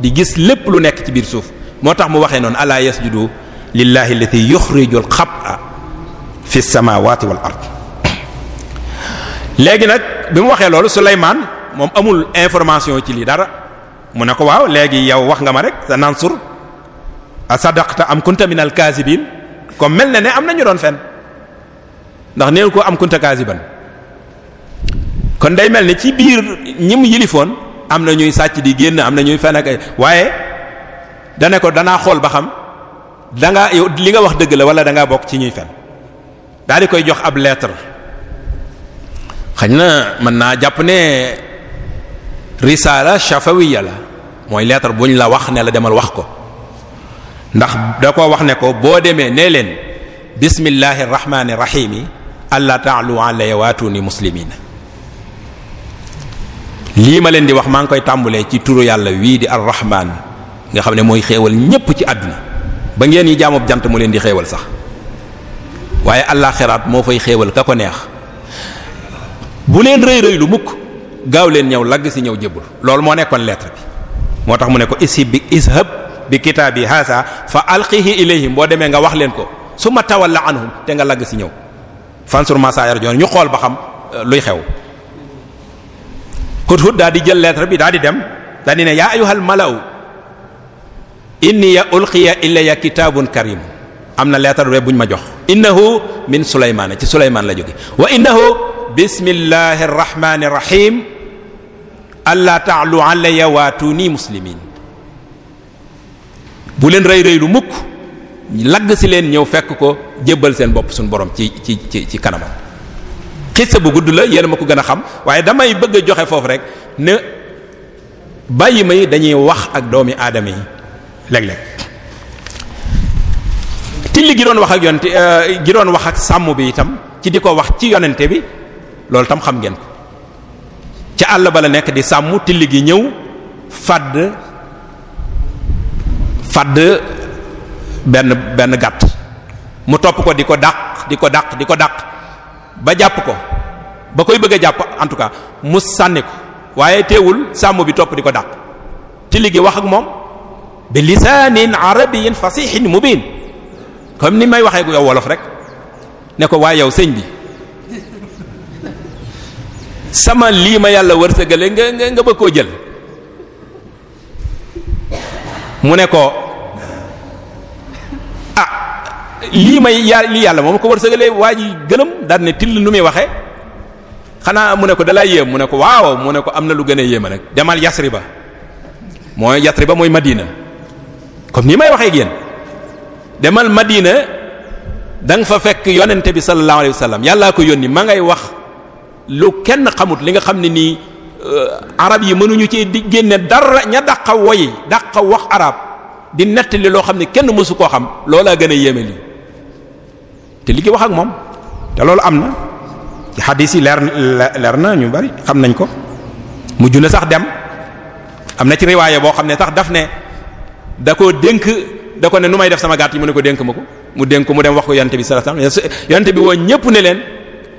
di gis lépp lu nekk ci biir suuf moo tax mu waxee noonu alaa yasjudu lillahi allati yuxriju al xaba fi samawati wal ard léegi nag bi mu waxee loolu Souleymane moom amul information ci lii dara mu ne ko waaw léegi yow wax nga ma rek sa nansur sadaqta am kunta minal kaasibin comme mel na ne am na ñu doon fen ndax neen ko am kunta kaasiban kon day mel ni ci biir ñi mu yilifoon am na ñuy sàcc di génn am na ñuy fen ak waaye dane ko danaa xool ba xam danga ngaa li nga wax dëgg la wala da ngaa bokk ci ñuy fen daal di koy jox ab lettre. xañ na mën naa jàpp ne risaala shafawiya la mooy lettre buñ la wax ne la demal wax ko ndax da ko wax ne ko boo demee ne leen bismillahi rahmaani rahim yi allah taalu alaya waatuni muslimina lii ma leen di wax maa ngi koy tàmbulee ci turu yàlla wii di arrahman nga xam ne mooy xéewal ñépp ci àdduna ba ngeen yi jaamub jant mu leen di xéewal sax waaye allah xeraat moo fay xéewal ka ko neex bu leen rëy rëy lu mukk gaaw leen ñëw lagg si ñëw jébbul loolu moo nekkoon lettre bi moo tax mu ne ko ishib bi ishab bi kitaabi haasa fa alqihi ilayhim boo demee nga wax leen ko su ma tawalla anhum te nga lagg si ñëw fansur ma saa ñu xool ba xam euh, luy xew Hudhud daa di jël lettre bi daa di dem daa di ne yaa ayyuhal mala'u inni ya ulqiya ilayya kitaabun karim am na lettre bu buñ ma jox innahu min suleymaana ci suleymaan la jóge wa innahu bismillahi irrahmani irrahim allah taalu alaya waatu nii muslimin bu leen rey rëy lu mukk lagg si leen ñëw fekk ko jébbal seen bopp suñu borom ci ci ci ci kanamam xissa bu gudd la yéen ma ko gën a xam waaye damay bëgg a joxe foofu rek ne bàyyi ma yi dañuy wax ak doomi aadama yi léeg-léeg tilli gi wax ak yonent euh, gi wax ak sàmm bi itam ci di ko wax ci yonente bi loolu tam xam ngeen ko ca àll ba la nekk di sàmm tilli gi ñëw fàdd fàdd benn benn gàtt mu topp ko di ko dàq di ko dàq di ko dàq ba jàpp ko ba koy bëgg a jàpp en tout cas mu sànni ko waaye teewul sàmm bi topp di ko dàq tilli gi wax ak moom bi lisaanin arabiyyin mu mubin comme ni may waxee yow wolof rek ne ko waaye yow sëñ bi sama lii ma yàlla wërsëgale nga nga nga koo jël mu ne ko ah lii may ya lii yàlla moom ko wërsëgale waa ji gëlëm daal till nu muy waxee xanaa mu ne ko dalay yéem mu ne ko waaw mu ne ko am na lu gën a yéem nag demal ba mooy Yasriba mooy Madina kon nii may waxee ak demal Madina da nga fa fekk yonente bi sallallahu alayhi wasallam yàllaa ko yónni ma ngay wax. lu kenn xamut li nga xam ne nii euh, arab yi mënuñu ci di génne dara ña dàqa woy dàqa wax arab di nettali loo xam ne kenn mësu koo xam loolaa gën a yéeme te li ki wax ak moom te loolu am na ci xadis yi leer leer na ñu bari xam nañ ko mujj na sax dem am na ci riwaaye boo xam ne sax daf ne da koo dënk da ko ne nu may def sama gàtt yi mu ne ko dénk ma ko mu dénk ko mu dem wax ko yonte bi sallallahu alayhi wasallam yonte bi woo ñépp ne leen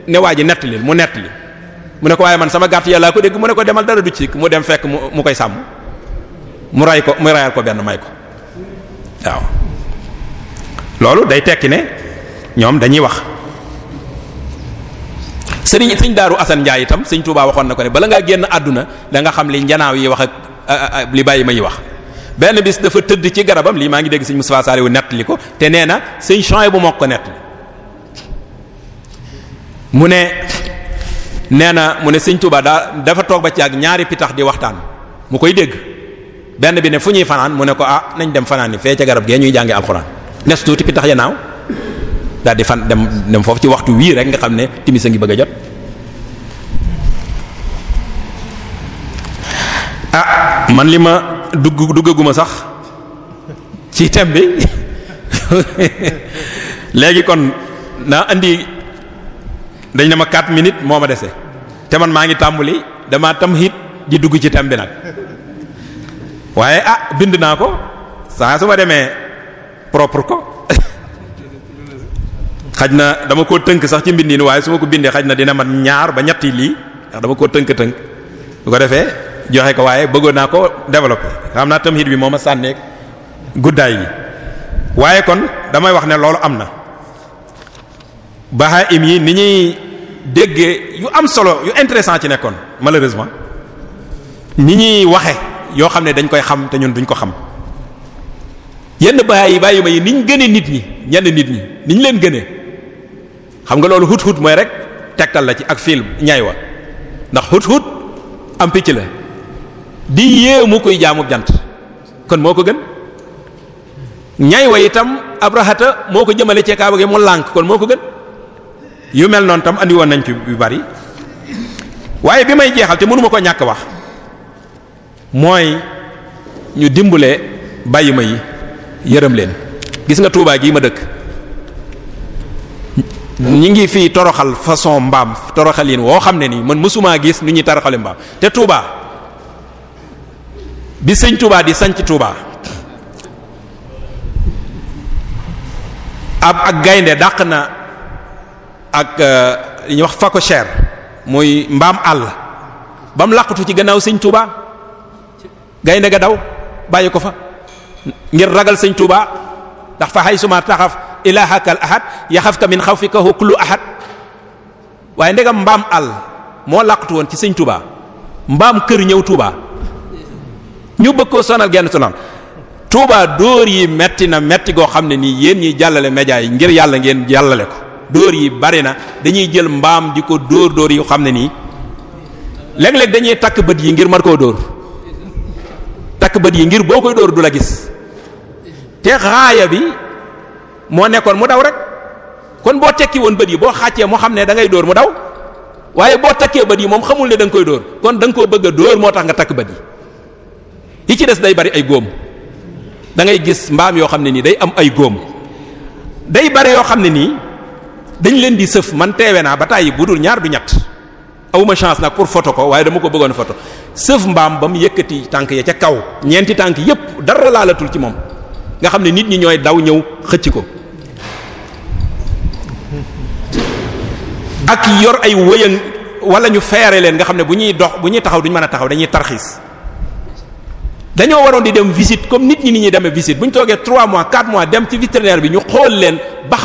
ne waa ji nettali mu nett li mu ne ko waaye man sama gàtt yàllaa ko dégg mu ne ko demal dara du ci mu dem fekk mu koy sàmm mu ray ko mu rayal ko benn may ko waaw loolu day tekki ne ñoom dañuy wax sëriñ sëriñ daaru Assane Ndiaye itam sëriñ Touba waxoon na ko ne bala ngaa génn àdduna danga xam li njanaaw yi wax ak li bàyyi ma yi wax benn bis dafa tëdd ci garabam lii maa ngi dégg sëriñ Moussa Saliou nettali ko te neena na sëriñ Chouaïbou bu moo ko nettali mu ne nee na mu ne sëñ Touba daa dafa toog ba ci ak ñaari pitax di waxtaan mu koy dégg benn bi ne fu ñuy fanaan mu ne ko ah nañ dem fanaan yi fee ca garab gee ñuy jàngee alxuraan nes tuuti pitax ya naaw daal di fan dem dem foofu ci waxtu wii rek nga xam ne timis a ngi bëgg a jot. ah man li ma dugg duggaguma sax ci thème bi *laughs* léegi kon naa andi. dañ ne ma 4 minutes moo ma dese te man maa ngi tàmbali damaa tam hit di dugg ci thème bi nag waaye ah bind naa ko saa su ma demee propre ko xaj na dama koo tënk sax ci mbindiin waaye su ma ko bindee xaj na dina man ñaar ba ñetti lii ndax dama koo tënk-tënk bu ko defee joxe ko waaye bëggoon naa ko développé xam naa tam hit bi moo ma sànnee guddaay gi waaye kon damay wax ne loolu am na bahaim yi ni ñuy dégge yu am solo yu intéressant ci nekkoon malheureusement ni ñuy waxe yoo xam ne dañ koy xam te ñun duñ ko xam yenn yi bahaim bahaima yi ñu gënee nit ñi ñenn nit ñi niñ leen gënee xam nga loolu hut hut mooy rek tegtal la ci ak film ñaay wa ndax hut hut am picc la di yéemu koy jaamu jant kon moo ko gën ñaay wa itam abrahata moo ko jëmale ci kaaba gi mu lànk kon moo ko gën yu mel noonu tam andi woon nañ ci yu bari waaye bi may jeexal te mënuma ko ñàkk wax mooy ñu dimbale bàyyi ma yi yërëm leen gis nga tuubaa gii ma dëkk ñi ngi fii toroxal façon mbaam toroxal yéen woo xam ne nii man mësumaa gis nu ñuy toroxale mbaam te Touba bi sëñ Touba di sanc Touba ab ak gaynde dàq na ak euh, li ñuy wax phacochère muy mbaam àll ba mu làqutu ci gannaaw sëñ Touba gaynde ga daw bàyyi ko fa ngir ragal sëñ Touba ndax fa haysuma taxaf ilahakal ahad ka min xaw xawfika kullu ahad waaye ndegam mbaam àll moo làqutu woon ci sëñ Touba mbaam kër ñëw tuuba ñu bëgg koo sonal genn sonal Touba dóor yi metti na metti goo xam ne nii yéen ñiy jàllale média yi ngir yàlla ngeen jàllale ko dóor yi bari na dañuy jël mbaam di ko dóor dóor yu xam ne nii léeg-léeg dañuy takk bët yi ngir mën koo dóor takk bët yi ngir boo koy dóor du la gis te xaaya bi moo nekkoon mu daw rek kon boo tekki woon bët yi boo xàccee moo xam ne da ngay dóor mu daw waaye boo takkee bët yi moom xamul ne da koy dóor kon da koo bëgg dóor moo tax nga takk bët yi yi ci des day bari ay góom dangay gis mbaam yoo xam ne nii day am ay góom day bari yoo xam ne nii dañ leen di sëf man teewe naa ba tàyyi bu dul ñaar du ñett awuma chance nag pour photo ko waaye dama ko bëggoon photo sëf mbaam ba mu yëkkati tànk ya ca kaw ñeenti tànk yépp dara laalatul ci moom nga xam ne nit ñi ñooy daw ñëw xëcc ko ak yor ay wëyën wala ñu feere leen nga xam ne bu ñuy dox bu ñuy taxaw duñu mën a taxaw dañuy tarxiis dañoo waroon di dem visite comme nit ñi ni ñuy deme visite bu ñu toogee trois mois 4 mois dem ci vétérinaire bi ñu xool leen ba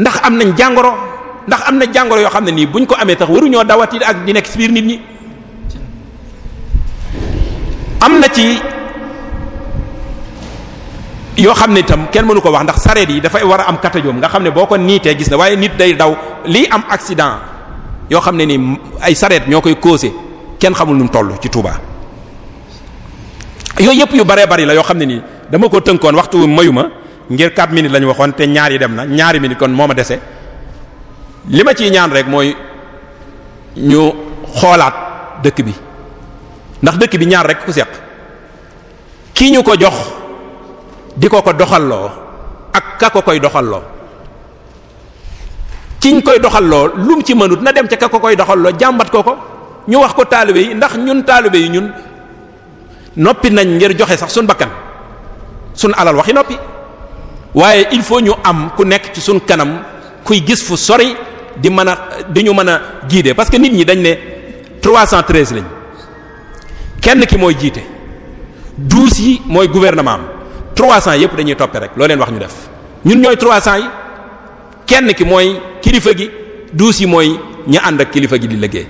ndax am nañ jàngoro ndax am na jàngoro yoo xam ne nii buñ ko amee tax waruñoo dawati ak di nekk ci biir nit ñi am na ci yoo xam ne itam kenn mënu ko wax ndax sareet yi dafay war a am katajoom nga xam ne boo ko niitee gis na waaye nit day daw lii am accident yoo xam ne nii ay sareet ñoo koy causé kenn xamul nu mu toll ci Touba yooyu yëpp yu baree bari la yoo xam ne nii dama ko tënkoon waxtu mayu ma ngir 4 minutes la ñu waxoon te ñaari dem na ñaari minutes kon moo ma dese li ma ciy ñaan rek mooy ñu xoolaat dëkk bi ndax dëkk bi ñaar rek ku seq kii ñu ko jox di ko ko doxalloo ak ka ko koy doxalloo kiñ koy doxaloo lu mu ci mënut na dem ca ka ko koy doxaloo jàmbat ko ko ñu wax ko taalibe yi ndax ñun taalibe yi ñun noppi nañ ngir joxe sax suñ bakkan suñ alal waxi noppi. waaye il faut ñu am ku nekk ci suñ kanam kuy gis fu sori di mën a di ñu mën a guider parce que nit ñi dañ ne 313 lañ kenn ki mooy jiite 12 yi mooy gouvernement am 300 yépp dañuy toppe rek loo leen wax ñu def ñun ñooy 300 yi kenn ki mooy kilifa gi 12 yi mooy ña ànd ak kilifa gi di liggéey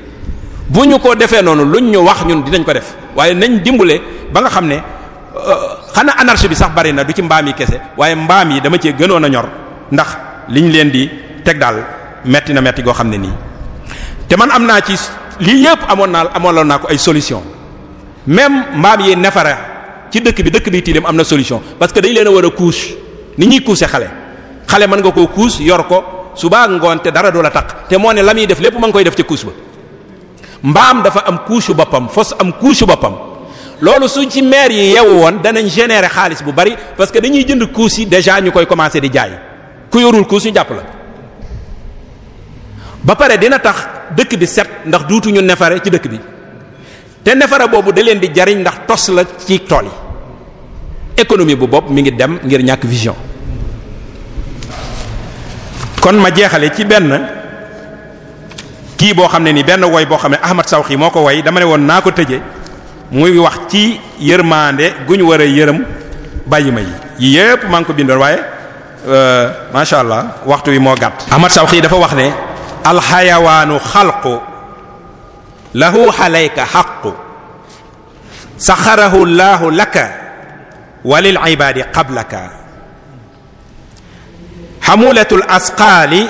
bu ñu ko defee noonu luñ ñu wax ñun dinañ ko def waaye nañ dimbale ba nga xam ne. Euh, xanaa anarchie bi sax bari na du ci mbaam yi kese waaye mbaam yi dama cee gënoon a ñor ndax li ñu leen di teg daal metti na metti goo xam ne nii te man am naa ci lii yëpp amoon naa amoon naa ko ay solution même mbaam yi nefare ci dëkk bi dëkk bi tilim am na solution parce que dañ leen a war a couche ni ñuy coucher xale xale mën nga koo couche yor ko subaa ngoon te dara du la taq te moo ne la muy def lépp ma ngi koy def ca couche ba mbaam dafa am couche boppam fos am couche boppam. loolu suñ ci maire yi yeewu woon danañ générer xaalis bu bari parce que dañuy jënd couches yi déjà ñu koy commencer di jaay ku yorul couche ñu jàpp la ba pare dina tax dëkk bi set ndax duutuñu nefare ci dëkk bi te nefare boobu da leen di jariñ ndax tos la ci tool yi économie bu bopp mi ngi dem ngir ñàkk vision kon ma jeexale ci benn. kii boo xam ne ni benn woy boo xam ne Ahmad Sawxi moo ko woy dama ne woon naa ko tëje muy wax ci yërmaande gu ñu war a yërëm bàyyi ma yi yépp maa ngi ko bindoon waaye euh, macha allah waxtu wi moo gàtt. Ahmad Shawqi dafa wax ne. alxayawaanu xalqu lahu xalayka xaqu saxarahu laahu laka walil ibaadi qablaka xamulatul asqaali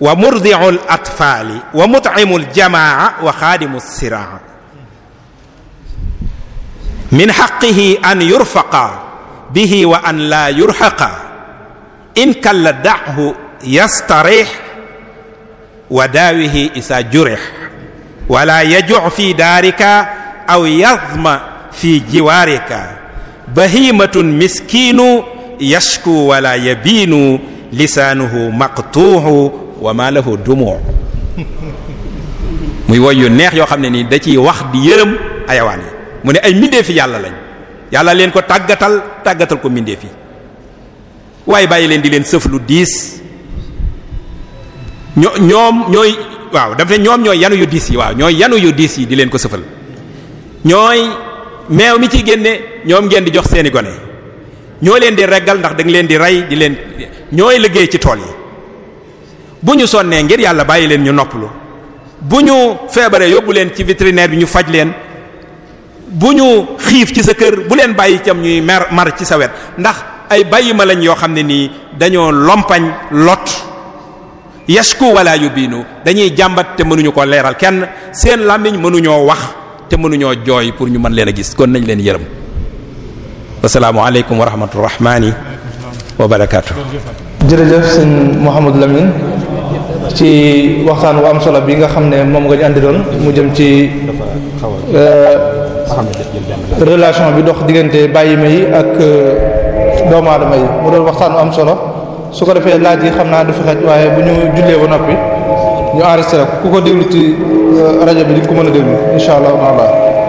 wa murdiu al atfaali wa mutcimu al jamaa wa xaadimu siraa min xaqihi an yurfaqa bihi wa an laa yurxaqa in kalla dahu yastarix wa daawihi isaa jurix wala yajuc fi daarika aw yadma fi jiwaarika bahimatun miskiinu yashku wala yabiinu lisaanuhu maqtuuxu wa maa lahu dumuuc muy woy yu neex yoo xam ne nii da ciy wax di yërëm ayawaan yi mu ne ay mbindeef yàlla lañ yàlla leen ko tàggatal tàggatal ko mbindeef yi waaye bàyyi leen di leen sëf lu diis ño ñoom ñooy waaw dafa ne ñoom ñooy yanu yu diis yi waaw ñooy yanu yu diis yi di leen ko sëfal ñooy meew mi ciy génne ñoom ngeen di jox seeni gone ñoo leen di reggal ndax da leen di rey di leen ñooy liggéey ci tool yi bu ñu sonnee ngir yàlla bàyyi leen ñu noppalu bu ñu feebaree yóbbu leen ci vétérinaire bi ñu faj leen bu ñu xiif ci sa kër bu leen bàyyi cam ñuy mer mar ci sa wet ndax ay bàyyi ma lañ yoo xam ne nii dañoo lompañ lot yashku wala biinu dañuy jàmbat te mënuñu ko leeral kenn seen làmmiñ mënuñoo wax te mënuñoo jooy pour ñu mën leen a gis kon nañ leen yërëm assalaamu aleykum wa rahmatul rahmaani wa barakaatu jërëjëf sëñ Mouhamadou ci waxtaan wu am solo bi nga xam ne moom nga ñu àndi doon mu jëm ci euh, relation bi dox diggante bàyyi ma yi ak euh, doomu aadama yi mu doon waxtaan am solo su ko defee laaj yi xam naa du fi xaj waaye bu ñu jullee ba noppi ñu enregistré ku ko déglu ci euh, rajo bi di nga ko mën a déglu incha allah.